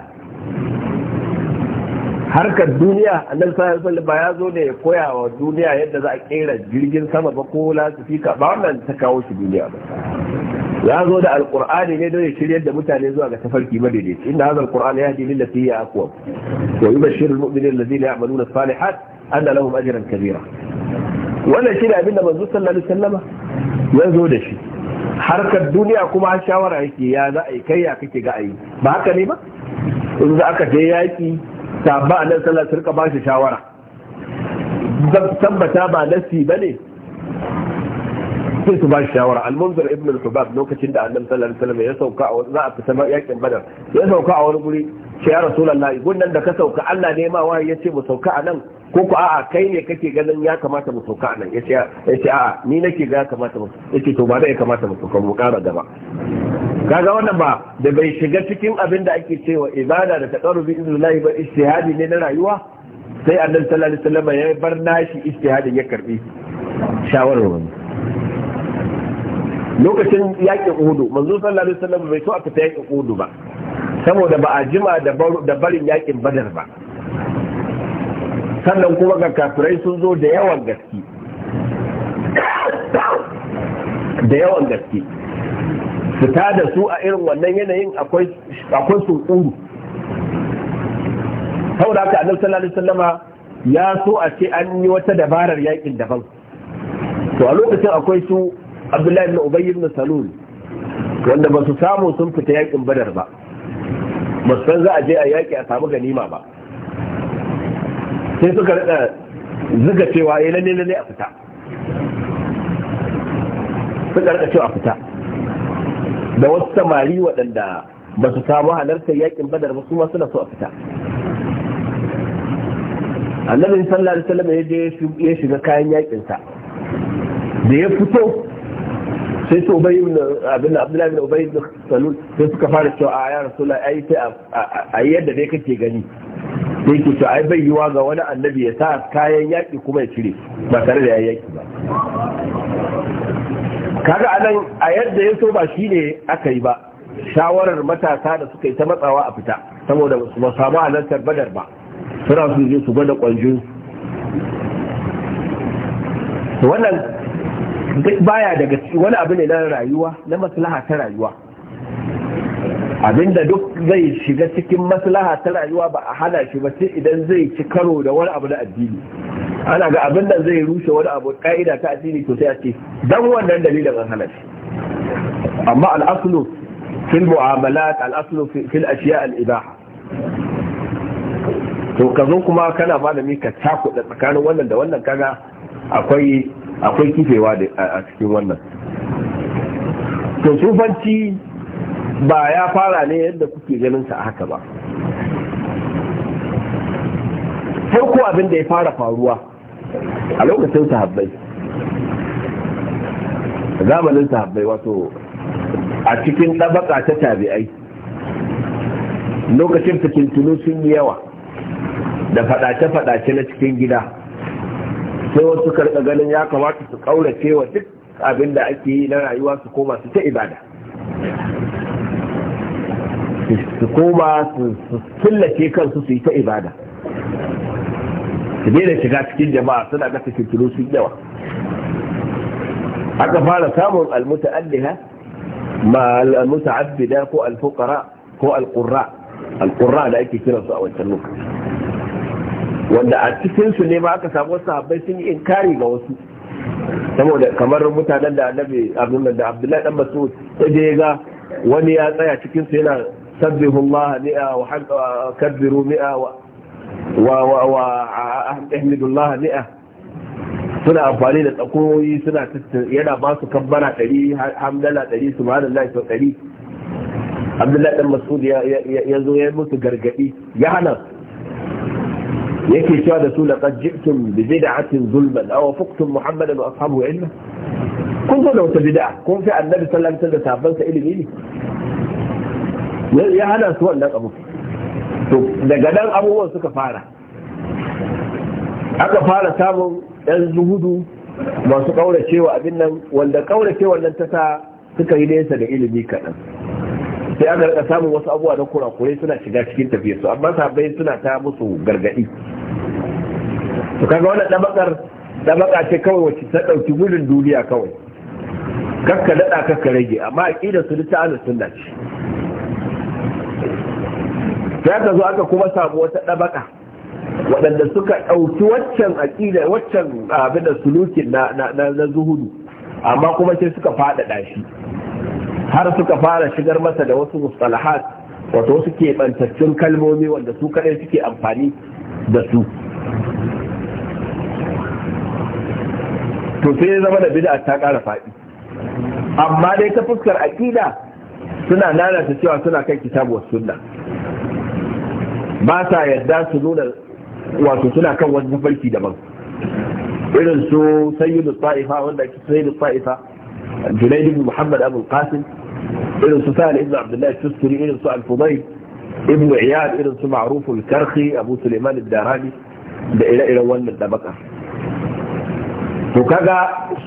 harkar duniya annabi sallallahu alaihi ba ya zo ne ya koya wa duniya yadda za a kera jirgin sama ba ko lasifika ba wannan ta kawo shi duniya ba ya zo da alkur'ani ne don ya shiryar da mutane zuwa ga tafarki madaidaici inda hadha alqur'ani yahdi lil lati hiya aqwam wa yubashshiru al-mu'minina alladhina ya'maluna as-salihat anna lahum ajran kabira wannan shi da abin da manzo sallallahu alaihi wasallama ya zo da shi harkar duniya kuma har shawara yake ya za a yi kai ya kake ga ayi ba haka ne ba in za aka je yaƙi sabba a nan sallar su rika ba shi shawara tabbata ba nasi ba ne sai su ba shi shawara al almunzir ibn al-hubab lokacin da annabi sallallahu alaihi wasallam ya sauka a za a fita yakin badar ya sauka a wani guri ce ya rasulullahi gunnan da ka sauka Allah ne ma wahayi yace mu sauka a nan ko ku a'a kai ne kake ganin ya kamata mu sauka nan ya ce a'a ni nake ga ya kamata mu ya to ba da ya kamata mu sauka mu kara gaba kaga wannan ba da bai shiga cikin abin da ake cewa ibada da taqarrubi illahi ba istihadi ne na rayuwa sai annabi sallallahu alaihi wasallam ya bar nashi istihadi ya karbi shawarwarin lokacin yakin uhudu manzo sallallahu alaihi wasallam bai so a fita yakin uhudu ba saboda ba a jima da barin yakin badar ba sannan kuma ga kafirai sun zo da yawan gaske da yawan gaske fita da su a irin wannan yanayin akwai sunkuru saboda haka annabi sallallahu alaihi wasallama ya so a ce an yi wata dabarar yakin daban to a lokacin akwai su abdullahi ibn ubayy ibn salul wanda ba su samu sun fita yakin badar ba ba san za a je a yaki a samu ganima ba sai suka rika zuga cewa ya eh, lalle lalle a fita suka rika cewa a fita da wasu samari waɗanda ba su samu halartar yakin badar ba su masu suna so a fita annabi sallallahu alaihi wasallam ya je ya shiga kayan yakin sa da ya fito sai su ubai ibn abin abdullahi ibn ubai ibn salul sai suka fara cewa a ya rasulullah ai sai a yadda dai kake gani sai ke cewa ai bai yiwa ga wani annabi ya sa kayan yaki kuma ya cire ba tare da yayi yaki ba kaga anan a yadda ya so ba shine aka yi ba shawarar matasa da suka yi ta matsawa a fita saboda su ba samu halartar badar ba suna su je su gwada kwanjo wannan duk baya daga ciki wani abu ne na rayuwa na maslaha ta rayuwa abinda duk zai shiga cikin maslaha ta rayuwa ba a hana shi ba sai idan zai ci karo da wani abu na addini ana ga abin da zai rushe wani abu ka'ida ta addini to sai a ce dan wannan dalilin an hana shi amma al'aslu fil mu'amalat al'aslu fil ashiya al ibaha to ka kuma kana malami ka cakuɗa tsakanin wannan da wannan kaga akwai akwai kifewa a cikin wannan to sufanci ba ya fara ne yadda kuke ganin sa haka ba farko abin da ya fara faruwa a lokacin sahabbai zamanin sahabbai wato a cikin ɗabaka ta tabi'ai lokacin fitintunu sun yi yawa da faɗace-faɗace na cikin gida sai wasu karɓa ganin ya kamata su ƙaurace wa duk abin da ake yi na rayuwa su koma su ta ibada su koma su killace kansu su yi ta ibada su daina shiga cikin jama'a suna ga fitintunu sun yawa aka fara samun Allaha, ma Abida, ko alfuqara ko alqurra alqurra da ake kiransu a wancan lokaci wanda a cikinsu ne ma aka samu wasu sahabbai sun yi inkari ga wasu saboda kamar mutanen da annabi abdullahi da abdullahi dan mas'ud sai da ga wani ya tsaya cikin su yana sabbihu allah ni'a wa kabbiru ni'a wa wa wa ahmadullah ni'a suna amfani da tsakoyi suna yana ba su kabbara 100 hamdala 100 subhanallahi to 100 abdullahi dan mas'ud ya zo ya musu gargadi ya hana yake cewa da su laqad ji'tum bi bid'atin zulman aw fuqtum muhammadan wa ashabu ilma kun zo da wata bid'a kun fi annabi sallallahu alaihi wasallam da sahabbansa ilimi ne ya hana su wannan abu to daga nan abubuwan suka fara aka fara samun yan zuhudu masu kauracewa abin nan wanda kauracewa nan ta sa suka yi nesa da ilimi kaɗan sai aka rika samun wasu abubuwa na kurakurai suna shiga cikin tafiyar su amma sabbai suna ta musu gargadi to kaga wannan dabakar dabaka ce kawai wacce ta dauki gudun duniya kawai kakka dada kakka rage amma aqida su ta ahlus sunna ce sai aka zo aka kuma samu wata dabaka waɗanda suka ɗauki waccan aƙida waccan abin da sulukin na zuhudu amma kuma sai suka faɗaɗa shi har suka fara shigar masa da wasu mustalahat wato wasu keɓantattun kalmomi wanda su kaɗai suke amfani da su to sai zama da bid'a ta ƙara faɗi amma dai ta fuskar aƙida suna lalata cewa suna kan kitabu wasu sunna ba sa yarda su nuna wato suna kan wani tafarki daban irin su sayyidu tsa'ifa wanda ake sayyidu tsa'ifa junaid ibn muhammad abu qasim irin su sa'al ibn abdullahi tusturi irin su al-fudayl ibn irin su ma'ruf al abu sulaiman ad-darani da ire-iren wannan tabaka to kaga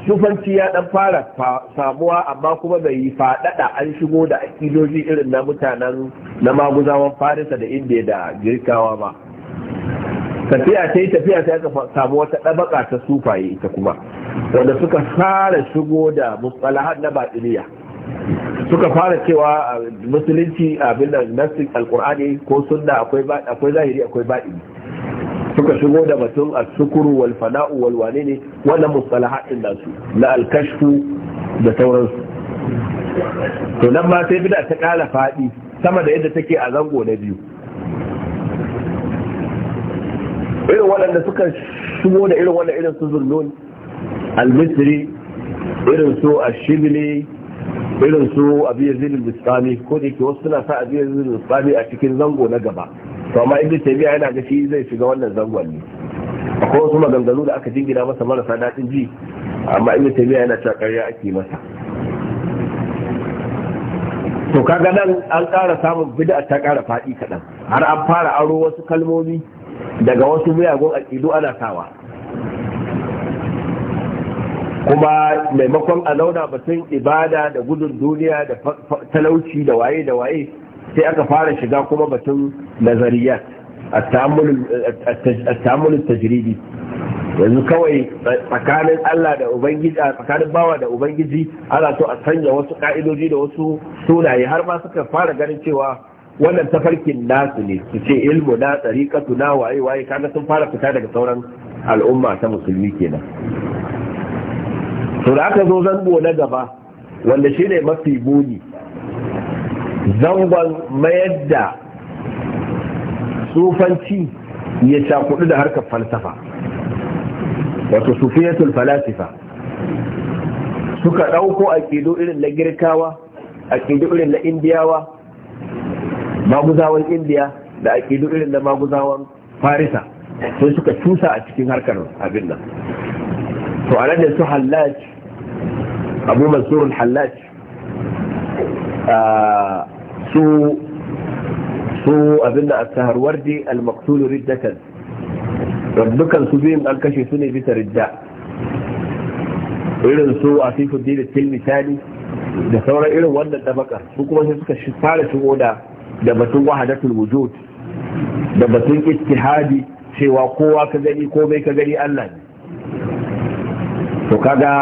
sufanci ya ɗan fara samuwa amma kuma bai faɗaɗa an shigo da akidoji irin na mutanen na maguzawan farisa da indiya da girkawa ba tafiya ta yi tafiya ta ka samu wata ɗabaka ta sufaye ita kuma wanda suka fara shigo da musalahan na batiniya suka fara cewa musulunci abin da nassin alkur'ani ko sunna akwai zahiri akwai baɗi suka shigo da batun a sukuru wal fana'u wal wane ne wannan mustalahatin nasu na al-kashfu da sauransu to nan ma sai bida ta ƙara faɗi sama da yadda take a zango na biyu irin waɗanda suka shigo da irin wannan irin su zurnun almisri irin su a shibili, irin su a biyar zirin bisani ko da ke wasu suna sa zirin bisani a cikin zango na gaba to amma ibnu taymiya yana ga shi zai shiga wannan zangon ne akwai wasu maganganu da aka jingina masa marasa daɗin ji amma ibnu taymiya yana cewa ƙarya ake masa to kaga nan an ƙara samun bid'a ta ƙara faɗi kaɗan har an fara aro wasu kalmomi daga wasu miyagun aƙidu ana sawa kuma maimakon a launa batun ibada da gudun duniya da talauci da waye da waye sai aka fara shiga kuma batun nazariyat a tamulin tajiribi yanzu kawai tsakanin Allah da Ubangiji a tsakanin bawa da Ubangiji ana so a sanya wasu ka'idoji da wasu sunaye har ma suka fara ganin cewa wannan tafarkin nasu ne su ce ilmu na tsarikatu na waye waye kaga sun fara fita daga sauran al'umma ta musulmi kenan to da aka zo zango na gaba wanda ne mafi buni, zangon mayar da sufanci ya shakudu da harkar falsafa wato sufiyatul falasifa suka ɗauko a irin na girkawa aƙidu irin na indiyawa maguzawan indiya da ake irin da maguzawan farisa sun suka cusa a cikin harkar abin nan to a nan su hallaj abu mansurun hallaj su abin da a saharwar da al-maktulu riddatan dukkan su biyun an kashe su ne bisa ridda irin su a sifin da tilmisani da sauran irin wannan tabakar su kuma sai suka fara shigo da da batun wahadatul wujud da batun ittihadi cewa kowa ka gani komai ka gani Allah ne to kaga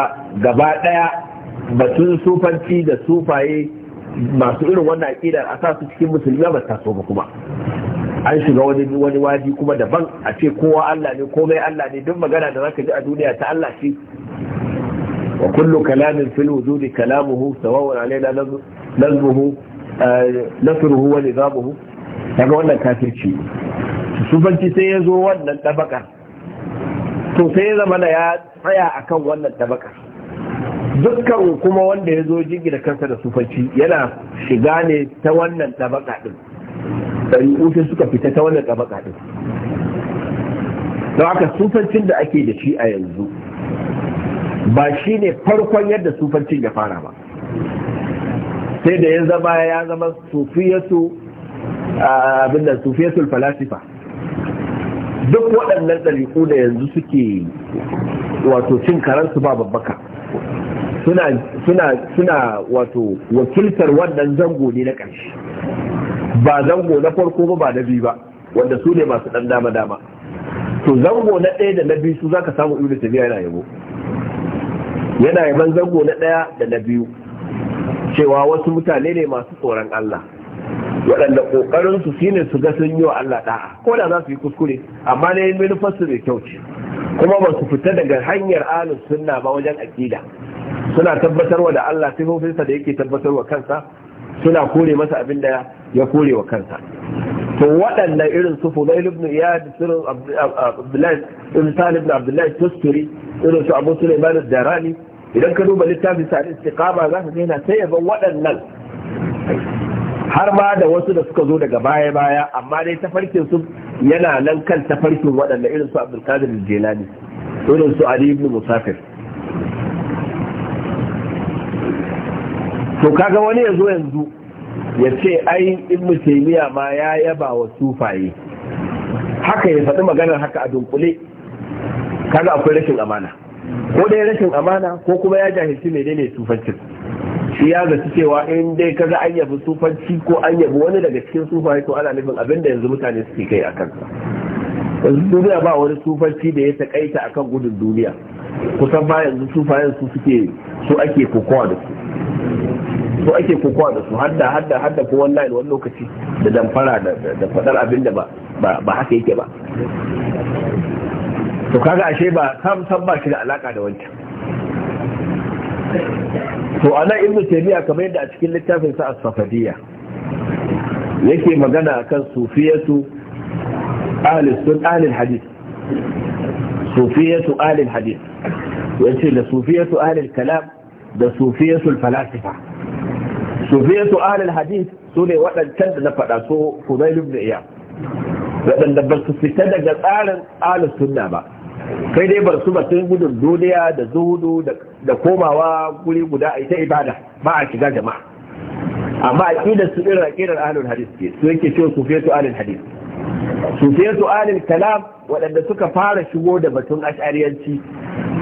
gaba daya batun sufanci da sufaye masu irin wannan aqidar a sa su cikin musulmi ba ta so ba kuma an shiga wani wani waji kuma daban a ce kowa Allah ne komai Allah ne duk magana da zaka ji a duniya ta Allah ce wa kullu kalamin fil wujudi kalamuhu sawa'un alaina nazmuhu nasiruhu wa nizamuhu daga wannan kafirci sufanci sai ya zo wannan tabakar to sai ya zama da ya tsaya akan wannan tabakar dukkan kuma wanda ya zo jingina kansa da sufanci yana shiga ne ta wannan tabaka din ɗari'u sai suka fita ta wannan tabaka din don haka sufancin da ake da shi a yanzu ba shi ne farkon yadda sufancin ya fara ba sai da ya zama ya zama sufiyatu abin sufiyatul falasifa duk waɗannan ɗariƙu da yanzu suke wato cin karansu ba babbaka suna wato wakiltar wannan zango ne na ƙarshe ba zango na farko ba ba na biyu ba wanda su ne masu ɗan dama dama to zango na ɗaya da na biyu su za ka samu ibnu tafiya yana yabo yana yaban zango na ɗaya da na biyu cewa wasu mutane ne masu tsoron Allah waɗanda ƙoƙarin su shine su ga sun yi wa Allah da'a ko da za su yi kuskure amma ne manufar su mai kyau ce kuma ba su fita daga hanyar alus sunna ba wajen aƙida suna tabbatarwa da Allah sa da yake tabbatarwa kansa suna kore masa abin da ya kore wa kansa to waɗanda irin su Fudail ibn Iyad sirrin Abdullahi ibn Talib ibn Abdullahi Tusturi irin su Abu Sulaiman Darani idan ka duba littafin sa istiqama za ka gina sai sai yaban waɗannan har ma da wasu da suka zo daga baya baya amma dai tafarkin su yana nan kan tafarkin waɗannan irin su Abdul Qadir Jilani irin su Ali ibn Musafir to kaga wani yazo yanzu ya ce ai in Taymiya ma ya yaba wa sufaye haka ya faɗi maganar haka a dunkule kaga akwai rashin amana ko dai rashin amana ko kuma ya jahilci mai ne tufanci shi ya zaci cewa in dai ka ga an yabi sufanci ko an yabi wani daga cikin sufaye ko ana nufin abin da yanzu mutane suke kai a kansa duniya ba wani tufanci da ya takaita kan gudun duniya kusan ba yanzu sufayen su suke su ake kokowa da su su ake kokowa da su hadda hadda hadda ko wallahi wani lokaci da damfara da fadar abin da ba haka yake ba to kaga ashe ba sam sam ba shi da alaka da wancan to ana ibnu taymiya kamar yadda a cikin littafin sa as-safadiyya yake magana akan sufiyatu ahli sun ahli hadith sufiyatu ahli hadith yace da sufiyatu ahli kalam da sufiyatu falasifa sufiyatu ahli hadith su ne waɗancan da na faɗa so kuma ibn Iyad waɗanda ba su fita daga tsarin ahlus sunna ba kai dai bar su batun gudun duniya da zuhudu da komawa guri guda a ita ibada ba a shiga jama'a amma a da su irin ƙirar alin hadis ke su yake cewa sufiyatu Su hadith sufiyatu alin kalam waɗanda suka fara shigo da batun ash'ariyanci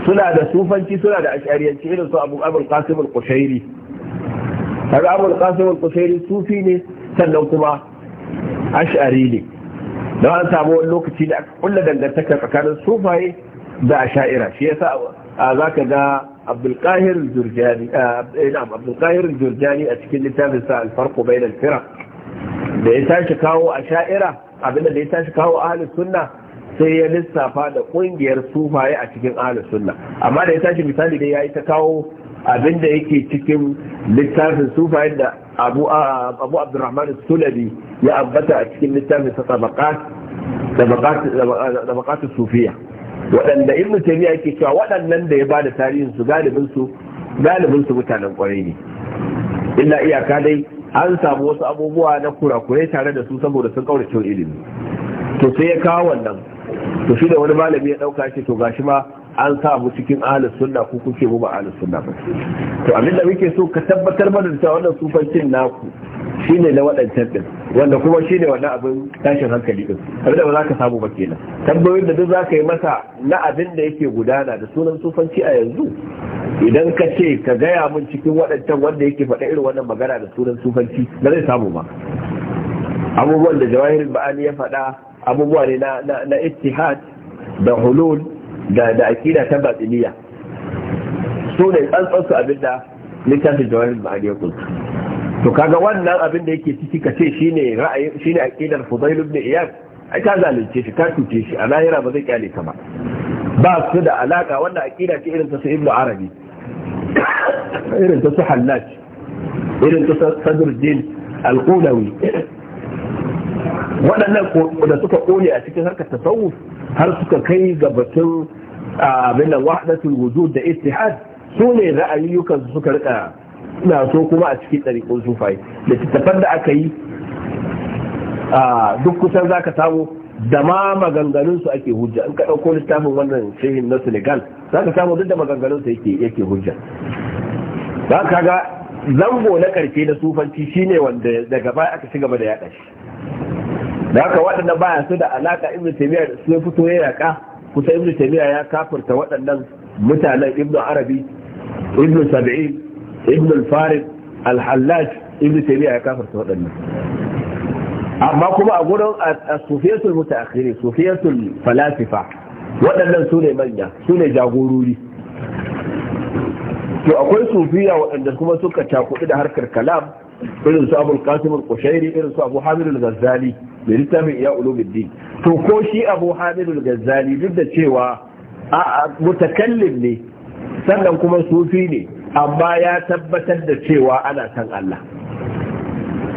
suna da sufanci suna da ash'ariyanci irin su abu abul qasim al-qushairi abu abul qasim al sufi ne sannan kuma ash'ari ne Da an samu wani lokaci da aka kulla dangantaka tsakanin sufaye da sha'ira. shi yasa a za ka ga abdulkahir jurjani eh, a cikin littafin sa alfarko bai da fira da ya tashi kawo asha'ira abinda da ya tashi kawo ahalus sunna sai ya lissafa da kungiyar sufaye a cikin ahalus sunna amma da ya tashi misali da ya ta kawo Abin da yake cikin littafin sufa da abu abu abdurrahman sulabi ya ambata a cikin littafin sa tabakatu sufiya waɗanda ibn taymiya yake cewa waɗannan da ya bada tarihin su galibin su mutanen kwarai ne illa iyaka dai an samu wasu abubuwa na kurakurai tare da su saboda sun kaurace ilimi to sai ya kawo wannan to shi da wani malami ya ɗauka shi to gashi ma an sa mu cikin ahlus sunna ko kuke mu ba ahlus sunna ba to abin da muke so ka tabbatar mana da cewa wannan sufancin naku shine na waɗancan din wanda kuma shine wannan abin tashin hankali din abin da ba za ka samu ba kenan tambayoyin da duk za ka yi masa na abin da yake gudana da sunan sufanci a yanzu idan ka ce ka gaya mun cikin waɗancan wanda yake faɗa irin wannan magana da sunan sufanci ba zai samu ba abubuwan da jawahirin ba'ani ya faɗa abubuwa ne na ittihad da hulul da da akida ta batiniya su ne tsantsan su abinda littafin jawahir ma'ani ya kunta to kaga wannan abin da yake ciki ka ce shine ra'ayi shine akidar Fudail ibn Iyad ai ka zalunce shi ka tuce shi a lahira ba zai kyale ka ba ba su da alaka wannan akida ce irin ta su ibnu Arabi irin ta su Hallaj irin ta Sadruddin Al-Qulawi waɗannan da suka kone a cikin harkar tasawuf har suka kai ga batun abin da wahdatul wujud da ittihad su ne ra'ayoyukan su suka rika suna so kuma a cikin ɗariƙun sufai da tattafan da aka yi duk kusan zaka samu da ma maganganun su ake hujja in ka ɗauko littafin wannan shehin na senegal za ka samu duk da maganganun su yake hujja za ka ga zango na ƙarfe da sufanci shine wanda daga baya aka ci gaba da yaɗa shi da haka waɗanda baya su da alaka ibn taymiya sun fito ya yaka kusa ibn taymiya ya kafirta waɗannan mutanen ibn arabi ibn sab'in ibn al-farid al-hallaj ibn taymiya ya kafirta waɗannan amma kuma a gurin as-sufiyatul mutaakhiri sufiyatul falasifa waɗannan su ne manya su ne jagorori to akwai sufiya waɗanda kuma suka cakuɗi da harkar kalam irin su abul qasim al irin su abu Hamidul al-ghazali da littafin iya ulumuddin to ko shi abu Hamidul al duk da cewa a mutakallim ne sannan kuma sufi ne amma ya tabbatar da cewa ana san Allah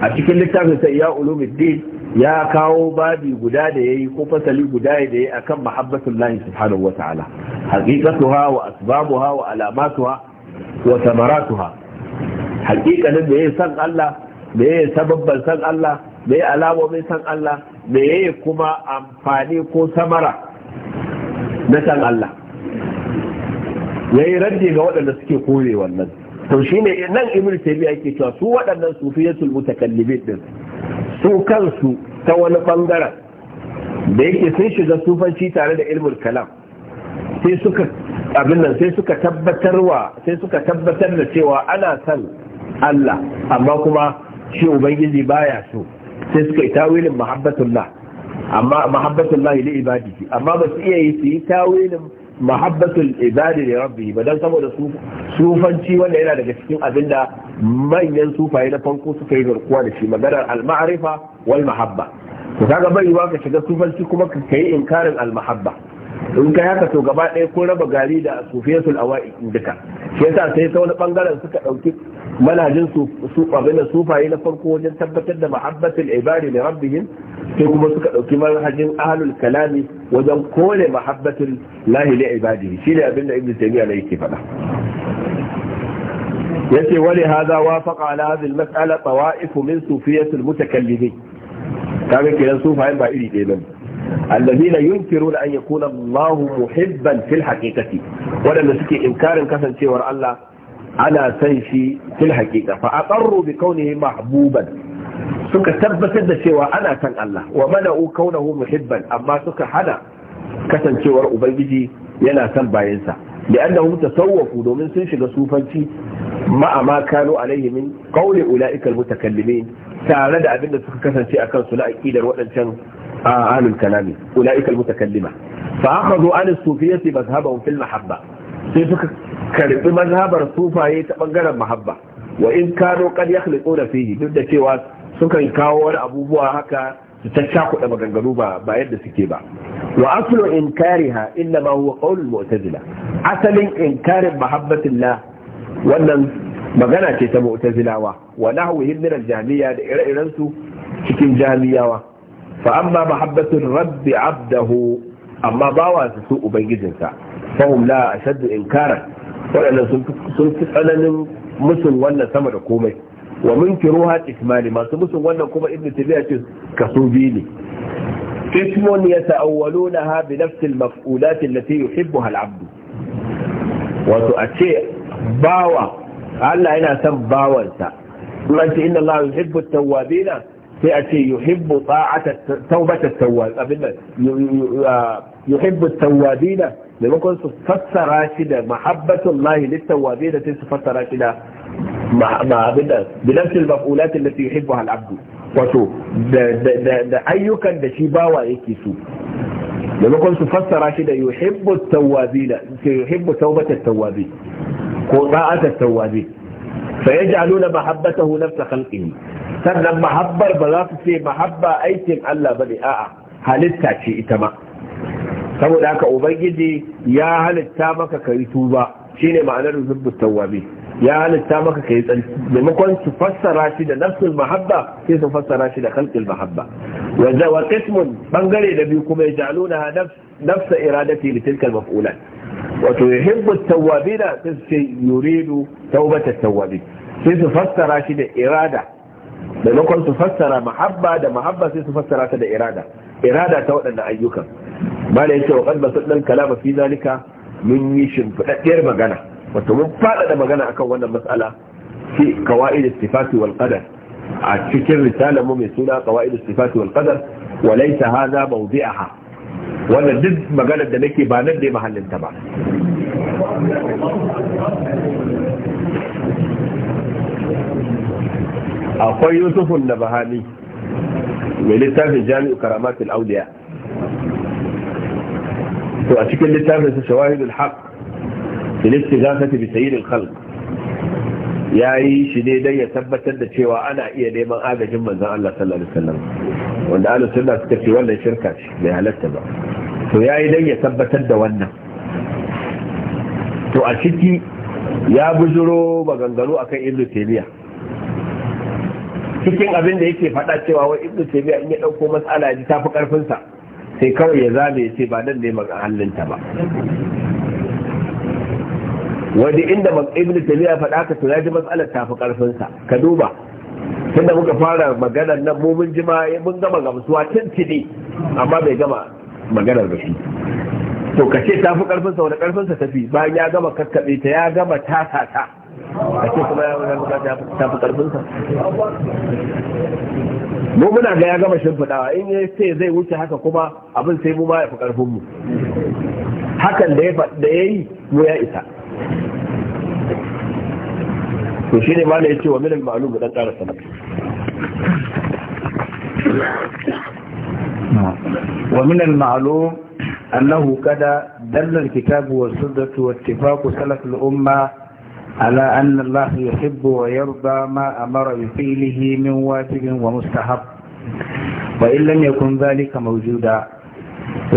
a cikin littafin sa iya ulumuddin ya kawo babi guda da yayi ko fasali guda da yayi akan mahabbatullahi subhanahu wa ta'ala haqiqatuha wa asbabuha wa alamatuha wa thamaratuha hakikalin me ya san Allah me ya sababban san Allah me ya alamomin san Allah me ya kuma amfani ko samara na san Allah ya yi raddi ga waɗanda suke kore wannan to shine nan ibn taymiya yake cewa su waɗannan sufiyatul mutakallibin din su kansu ta wani ɓangaren. da yake sun shiga sufanci tare da ilmin kalam sai suka abin nan sai suka sai suka tabbatar da cewa ana san Allah amma kuma shi ubangiji baya so sai suka yi tawilin mahabbatullah amma mahabbatullah li ibadihi amma ba su iya yi su yi tawilin mahabbatul ibadi li rabbi ba dan saboda sufanci wanda yana daga cikin abinda manyan sufaye na farko suka yi garkuwa da shi maganar al-ma'rifa wal mahabba to kaga bai yiwa ka shiga sufanci kuma ka yi inkarin al-mahabba in kai haka to gaba ɗaya ko raba gari da sufiyatul awa'i duka shi yasa sai ta wani bangaren suka ɗauki manhajin su sufaye na farko wajen tabbatar da mahabbatul ibadi li rabbihim sai kuma suka ɗauki manhajin ahlul kalami wajen kore mahabbatul lahi ibadi Shi shine abin da ibnu taymiya ne yake faɗa yace wali hadha wafaqa ala hadhihi al-mas'ala tawa'if min sufiyatul mutakallimin kaga kiran sufayen ba iri ɗaya ba. allazina yunkiruna an yakuna Allahu muhibban fil haqiqati wadanda suke inkarin kasancewar Allah ana san shi fil haqiqa fa aqarru bi kaunihi mahbuban suka tabbatar da cewa ana san Allah wa mana'u kaunahu muhibban amma suka hana kasancewar ubangiji yana san bayansa لأنهم تصوفوا دومين سن شغا صوفانتي مع ما كانوا عليه من قول أولئك tare da abinda suka kasance a kansu na إيدر وأن كان ahlul kalami ulaika almutakallima fa akhadhu an as-sufiyyati mazhabahum fil mahabba sai suka karɓi mazhabar sufaye ta ɓangaren mahabba wa in kano qad yakhliquna fihi duk da cewa sukan kawo wani abubuwa haka su kuɗa maganganu ba ba yadda suke ba wa aslu inkariha illa ma huwa qawl mu'tazila asalin inkarin mahabbatillah wannan magana ce ta mu'tazilawa wa nahwihi min al-jahmiyya da ire-iren su cikin jahmiyawa فأما محبة الرب عبده أما ضاوى سوء بيجزنسا فهم لا أشد إنكارا وأنا سنفت أنا مسل ولا سمر كومي ومنكروها اثمان ما سمسل ولا كومة ابن تبيعة كسوبيني اسم يتأولونها بنفس المفعولات التي يحبها العبد وتؤتي باوى قال لا إنا سم باوى ما إن الله يحب التوابين تأتي يحب طاعة توبة التواب أبدا يحب التوابين لما لمكن صفات راشدة محبة الله للتوابين صفات راشدة ما ما بنفس المفعولات التي يحبها العبد وشو أيك الدشيبا لما لمكن صفات راشدة يحب التوابين يحب توبة التوابين وطاعة التوابين fa yaj'aluna mahabbatahu nafsa khalqihi sannan mahabbar ba za su ce mahabba aikin Allah bane a'a halitta ce ita ma saboda haka ubangiji ya halitta maka kai tuba shine ma'anar zubbut tawwabi ya halitta maka kai tsarki maimakon su fassara shi da nafsul mahabba sai su fassara shi da khalqil mahabba wa wa qismun bangare da biyu kuma ya yaj'aluna nafsa iradati li tilka al-maf'ulat wato yuhibbu at-tawwabina sai su yuridu tawbata at-tawwabin sai su fassara shi da irada maimakon su fassara mahabba da mahabba sai su fassara ta da irada irada ta waɗannan ayyukan ba da yake wa kan basu ɗan kalama fi zalika mun yi shimfiɗaɗɗiyar magana wato mun faɗaɗa magana akan wannan matsala fi kawa'id istifati wal qadar a cikin risala mu mai suna kawa'id istifati wal qadar wa laysa hadha mawdi'aha wannan duk magana da nake ba nan dai mahallin ta ba akwai yusuf na bahani mai littafin jami'u karamatul awliya to a cikin littafin sa shawahidul haqq filistigasati bi sayyidil khalq ya yi shi ne don ya tabbatar da cewa ana iya neman agajin manzon Allah sallallahu alaihi wasallam wanda ahlus sunna suka ce wannan shirka ce bai halatta ba to ya yi ya tabbatar da wannan to a ciki ya bujuro maganganu akan ibnu taymiya cikin abin da yake faɗa cewa wai ibnu taymiya in ya dauko mas'ala ji tafi karfin sa sai kawai ya zame ya ce ba nan ne ta ba wani inda ibn tamiya faɗa ka to ji matsalar tafi karfinsa ka duba tunda muka fara maganar nan mu mun jima mun gama gamsuwa tuntuni amma bai gama maganar da shi to ka ce tafi karfinsa wani ta tafi bayan ya gama kakkaɓe ta ya gama ta ta a ce kuma ya gama tafi ƙarfinsa. mu muna ga ya gama shimfiɗawa in ya ce zai wuce haka kuma abin sai mu ma ya fi karfin mu hakan da ya yi mu ya isa to shine ma da yace wa min malum dan ƙara sana wa min al-ma'lum annahu kada dalla al-kitab wa sunnah wa ittifaq salaf al-umma ala anna على أن الله يحب ويرضى ما أمر min من wa mustahab wa illam yakun ذلك mawjuda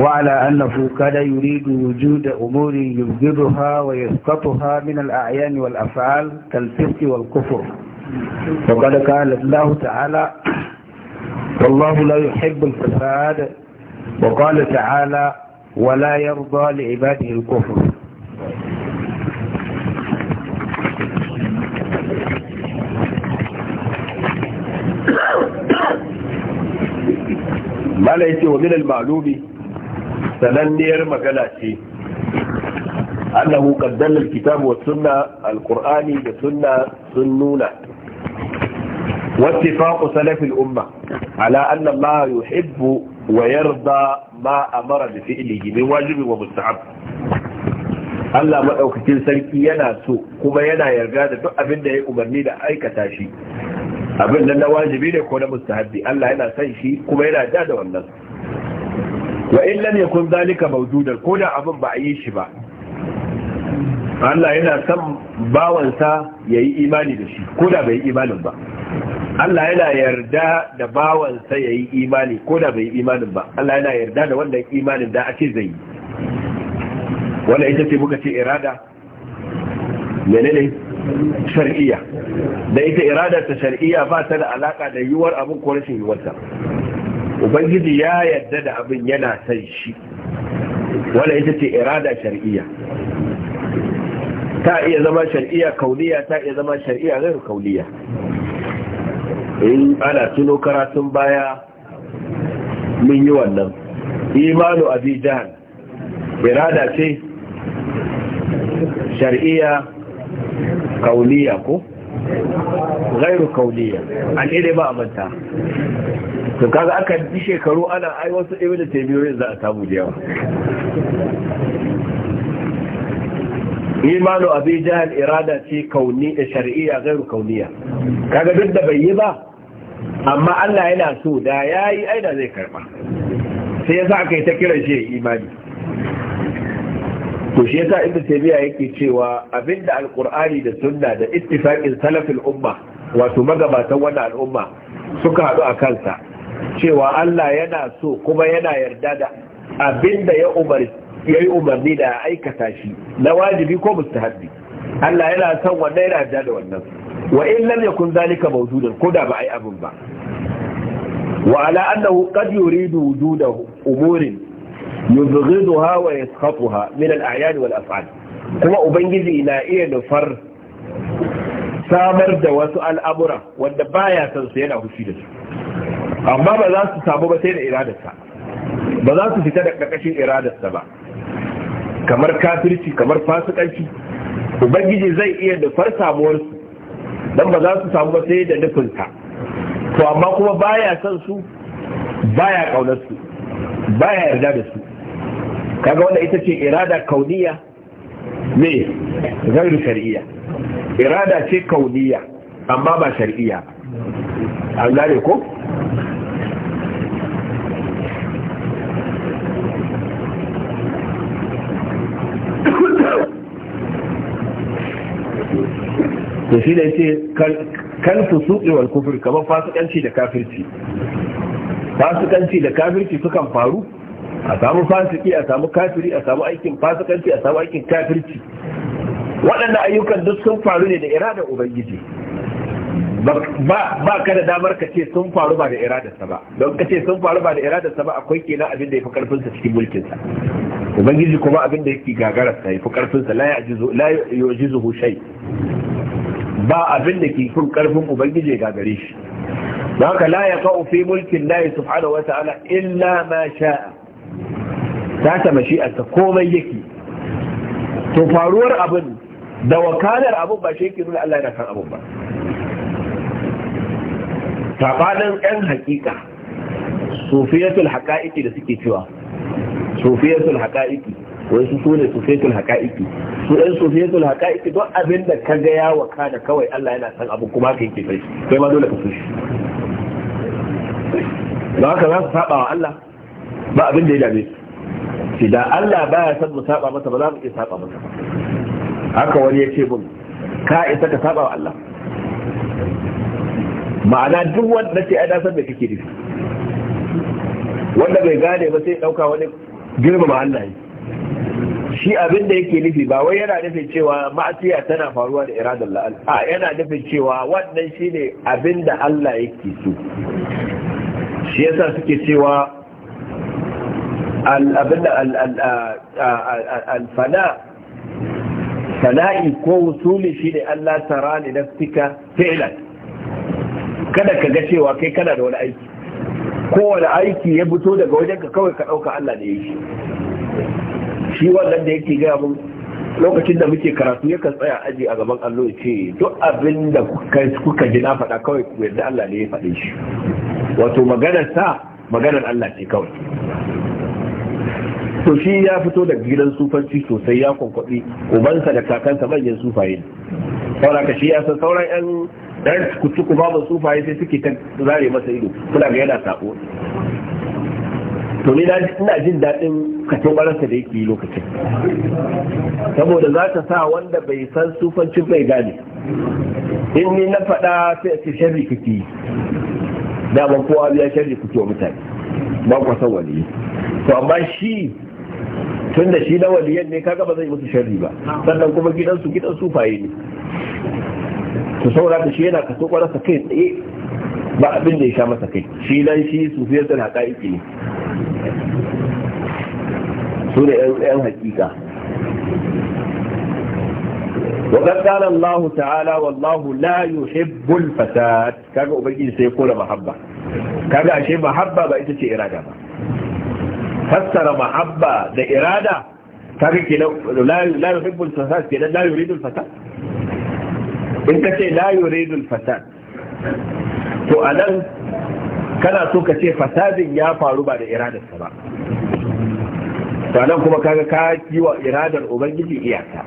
وعلى أنه كان يريد وجود أمور يبغضها ويسقطها من الأعيان والأفعال كالفسق والكفر وقد قال الله تعالى والله لا يحب الفساد وقال تعالى ولا يرضى لعباده الكفر ما ليس ومن المعلوم sananniyar magana ce annahu qaddalla alkitabu was sunna alqur'ani da sunna sun nuna واتفاق سلف الأمة على أن الله يحب ويرضى da أمر بفعله من واجب ومستحب Allah maɗaukacin sarki yana so kuma yana yarda da duk abin da ya umarni da aikata shi abin nan na wajibi ne ko na mustahabbi Allah yana son shi kuma yana da da wannan wa in lam yakun zalika mawjudan ko da abin ba a yi shi ba Allah yana son bawansa ya yi imani da shi ko da bai yi imanin ba Allah yana yarda da bawansa ya yi imani ko da bai yi imanin ba Allah yana yarda da wannan imanin da ake zai yi wannan ita ce muka ce irada menene shar'iyya da ita irada ta shar'iyya ba ta da alaka da yiwuwar abin ko rashin yiwuwarsa ubangiji ya yadda da abin yana san shi wanda ita ce irada shar'iyya ta iya zama shar'iyya kauliya ta iya zama shar'iyya gairu kauliya in ana tuno karatun baya mun yi wannan imanu Abijan, irada ce shar'iyya kauliya ko gairu kauniya an ire ba a manta to kaga aka ji shekaru ana ai wasu ibnu taymiyyah za a samu da yawa imanu abi jahal irada ce kauni eh, shar'iyya gairu kauniya kaga duk da bai yi ba amma Allah yana so da yayi ai da zai karba sai yasa aka yi ta kira shi imani to shi yasa ibnu taymiyyah yake cewa abinda alqur'ani da sunna da ittifaqin salafil umma wato magabatan wannan al'umma suka haɗu a kansa cewa Allah yana so kuma yana yarda da abinda ya yi umarni da aikata shi na wajibi ko mustahabbi Allah yana son wannan yana yarda da wannan wa in lam yakun zalika mawjudan ko da ba ai abin ba wa ala annahu qad yuridu wujudahu umurin yubghiduha wa yaskhatuha min al-a'yan wal af'al kuma ubangiji na iya nufar samar da wasu al'amura wanda baya san su yana hushi da su amma ba za su samu ba sai da iradarsa ba za su fita da ƙarƙashin iradarsa ba kamar kafirci kamar fasikanci ubangiji zai iya nufar samuwarsu don ba za su samu ba sai da nufinsa to amma kuma baya son su baya kaunar su baya yarda da su kaga wanda ita ce irada kauniya ne gairu shari'iyya irada ce kauniya amma ba shari'iyya an gane ko to shi da yake kalfu suɗi wal kufur kamar fasikanci da kafirci fasikanci da kafirci sukan faru a samu fasiki a samu kafiri a samu aikin fasikanci a samu aikin kafirci waɗannan ayyukan duk sun faru ne da iradar ubangiji ba ka da damar ka ce sun faru ba da sa ba don ka ce sun faru ba da sa ba akwai kenan abin da ya fi sa cikin mulkin sa. ubangiji kuma abin da yake sa ya fi sa la ya ji zuhu shai ba abin da ke fin karfin ubangiji ga gare shi haka la ya ka'u fi mulkin subhana subhanahu wata'ala illa ma sha'a ta ta mashi'arsa komai yake to faruwar abin da wakalar abin ba shi yake nuna Allah yana kan abin ba sabanin yan hakika sufiyatul haqa'iqi da suke cewa sufiyatul haqa'iqi wai su sune sufiyatul haqa'iqi su ɗan sufiyatul haqa'iqi don abin da ka ga ya waka da kawai Allah yana san abu kuma ka yake sai kai ma dole ka so shi ba haka za su saba wa Allah ba abin da ya dame su idan Allah baya san mu saba masa ba za mu iya saba masa haka wani ya ce mun ka isa ka saba wa Allah ma'ana duk wanda ce ana san me kake nufi wanda bai gane ba sai dauka wani girmama Allah ne shi abin da yake nufi ba wai yana nufin cewa ma'asiya tana faruwa da iradar la'al a yana nufin cewa wannan shine abin da Allah yake so shi yasa suke cewa abin da alfana sana'i ko wusuli shine Allah tara ne na fika kada ka ga cewa kai kana da wani aiki kowane aiki ya fito daga wajenka kawai ka ɗauka Allah da ya shi wannan da yake gaya mun lokacin da muke karatu ya kan tsaya aji a gaban allo ya ce duk abin da kuka ji na faɗa kawai ku yarda Allah ne ya faɗi shi wato maganar sa maganar Allah ce kawai to shi ya fito da gidan sufanci sosai ya kwankwaɗi ubansa da kakansa manyan sufaye saura ka shi ya san sauran yan ɗan kuci babu sufaye sai suke ta zare masa ido kuna ga yana sako to ni ina jin daɗin kacin ɓararsa da yake yi lokacin saboda za ta sa wanda bai san sufancin bai gane in ni na faɗa sai ce sharri kake yi daman kowa biya sharri kuke wa mutane ba ku san waliyi to amma shi tun da shi na waliyan ne kaga ba zai musu sharri ba sannan kuma gidansu gidan sufaye ne to saura da shi yana kaso ƙwararsa kai tsaye ba abin da ya sha masa kai shi nan shi sufiyar da haƙa ne su ne yan hakika وقد قال الله تعالى والله لا يحب الفساد kaga ubangiji sai kula mahabba kaga ashe mahabba ba ita ce irada ba fassara mahabba da irada kaga ke la la yuhibbu al-fasad ke la yuridu fasad in kace la yuridu al-fasad to anan kana so ka ce fasadin ya faru ba da iradarsa ba sannan kuma kaga ka yi wa iradar ubangiji iyaka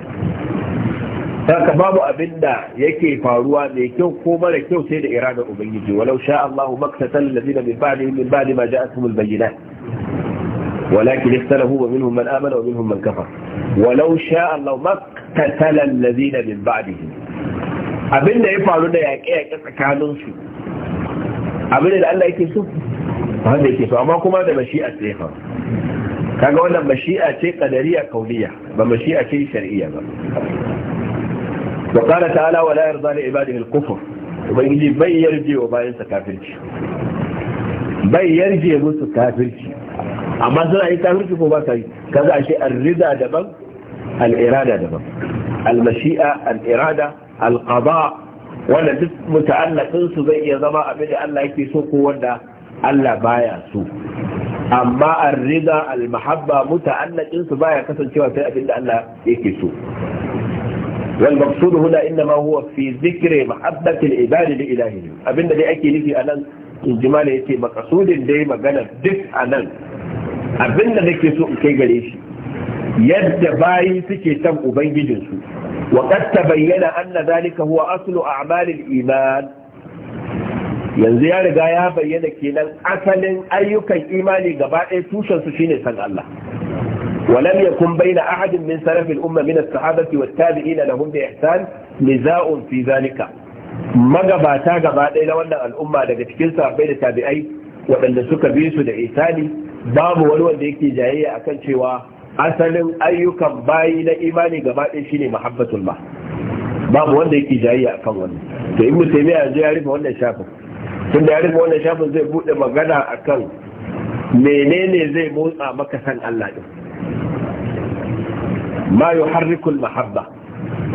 haka babu abin da yake faruwa mai kyau ko mara kyau sai da iradar ubangiji walau sha Allahu maktatal ladina min ba'di min ba'di ma ja'atuhumul bayyinat ولكن اختلفوا ومنهم من آمن ومنهم من كفر ولو شاء الله ما اقتتل الذين من بعدهم abin da ya faru da yaƙe-yaƙe tsakaninsu abin da Allah yake so wanda yake so amma kuma da mashi'a ce fa kaga wannan mashi'a ce qadariya kauniya ba mashi'a ce shar'iyya ba wa qala ta'ala wa la yarda li ibadihi al-kufr ubangiji bai yarje wa bayan sa kafirci bai yarje musu kafirci amma suna yi kafirci ko ba sa yi kaga ashe ar-rida daban al-irada daban al-mashi'a al-irada al-qada' wanda duk muta'allaqin su zai iya zama abin da Allah yake so ko wanda Allah baya so amma ar-rida al-mahabba muta'allaqin su baya kasancewa sai abin da Allah yake so wal maqsud huna inma huwa fi dhikri mahabbati al-ibad li ilahihi abin da dai ake nufi anan injimala yace maqsudin dai magana duk anan abin da nake so in kai gare shi yadda bayi suke san ubangijinsu وقد تبين أن ذلك هو أصل أعمال الإيمان yanzu ya riga ya bayyana kenan asalin ayyukan imani gaba ɗaya tushen su shine san Allah walam yakun baina ahadin min sarafil umma min as-sahabati wat tabi'in lahum bi ihsan niza'un fi zalika magabata gaba ɗaya na wannan al'umma daga cikin sahabbai da tabi'ai waɗanda suka bi su da ihsani babu wani wanda yake jayayya akan cewa asalin ayyukan bayi na imani gaba ɗaya shine muhabbatul ba babu wanda yake jayayya kan wani. to ibnu taymiya yanzu ya rufe wannan shafin tun da ya rufe wannan shafin zai buɗe magana akan menene zai motsa maka san Allah ɗin? ma yuharrikul mahabba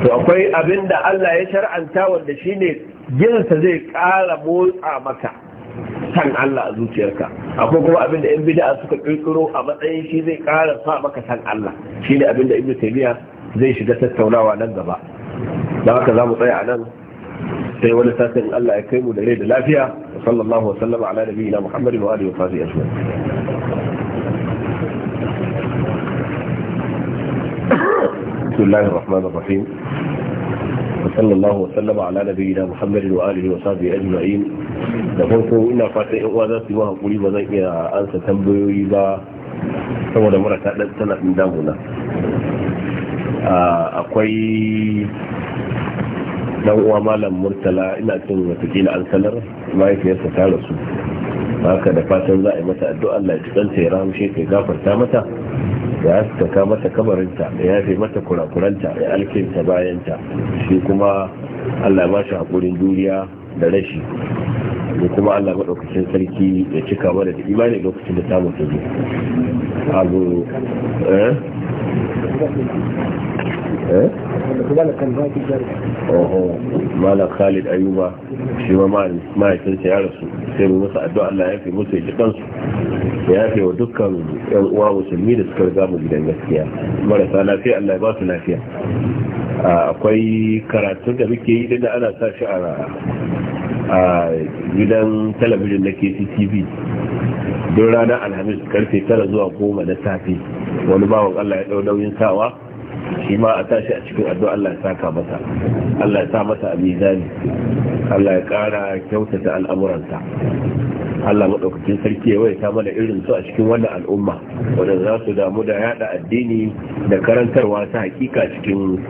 to akwai abinda Allah ya shar'anta wanda shine jinsa zai ƙara motsa maka san Allah a zuciyarka akwai kuma abin da yan bid'a suka kirkiro a matsayin shi zai kara sa maka san Allah ne abin da Ibn Taymiyyah zai shiga tattaunawa nan gaba da haka za mu tsaya a nan sai wani satin Allah ya kai mu da rai da lafiya sallallahu wa sallama ala nabiyina Muhammadin wa alihi wa sahbihi ajma'in بسم وصلى الله وسلم على نبينا محمد وآله وصحبه أجمعين da farko ina fatan yan uwa za su yi wa hakuri ba zan iya ansa tambayoyi ba saboda mura ta dan tana din damuna akwai dan uwa malam murtala ina cin watakila an sanar mahaifiyarsa ta rasu haka da fatan za a yi mata addu'a Allah ya tsanta ya rahamshe ka gafarta mata ya haskaka mata kabarinta ya fi mata kurakuranta da alkinta bayanta shi kuma allah ba shi haƙurin duniya da rashi da kuma allah maɗaukacin sarki ya cika mana da imani lokacin da samun ta zo abu eh, eh? malam khalid ayuba shi ma mahaifinsa ya rasu sai mu masa addu'a allah ya fi mutu ya ji kansu ya wa dukkan yan uwa musulmi da suka riga mu gidan gaskiya marasa lafiya Allah ya ba su lafiya akwai karatun da muke yi da ana sa shi a gidan talabijin na KCTV don ranar alhamis karfe tara zuwa goma na safe wani bawan Allah ya ɗau nauyin sawa shi ma a tashi a cikin addu'a Allah ya saka masa Allah ya sa masa a mizani Allah ya ƙara kyautata al'amuransa Allah maɗaukakin sarki ya ta mana irin su a cikin wannan al'umma wanda za su damu da yada addini da karantarwa ta hakika cikin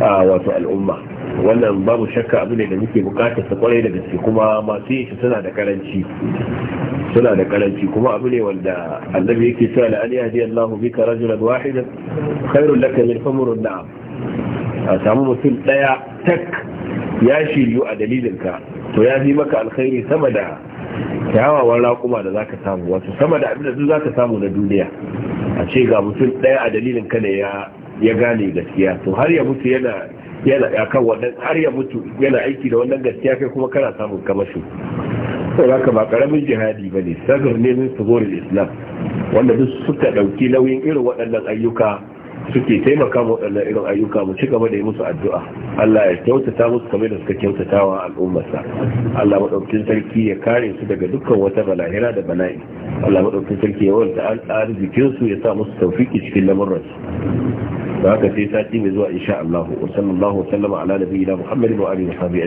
wato al'umma wannan babu shakka abu ne da muke bukata su kwarai da gaske kuma masu yi suna da karanci suna da karanci kuma abu ne wanda annabi yake cewa la an yahdi Allahu bika rajulan wahidan khairul laka min humurun na'am a samu mutum daya tak ya shiryu a dalilinka to ya fi maka alkhairi sama da kyawawan raƙuma da za ka samu wasu sama da abin da duk za ka samu na duniya a ce ga mutum ɗaya a dalilin ka ya gane gaskiya to har ya mutu yana yana kan wannan har ya mutu yana aiki da wannan gaskiya kai kuma kana samun kamashi to ka ba karamin jihadi ba ne sabir ne min sabuwar islam wanda duk suka ɗauki nauyin irin waɗannan ayyuka suke taimaka mu waɗannan irin ayyuka mu ci gaba da yi musu addu'a Allah ya kyautata musu kamar da suka kyautata wa al'ummarsa Allah madaukakin sarki ya kare su daga dukkan wata balahira da bala'i Allah madaukakin sarki ya wanda arzikin su ya sa musu tawfiki cikin lamuran su haka sai sati mai zuwa insha Allah wa sallallahu wa sallama ala nabiyina Muhammad wa alihi wa sahbihi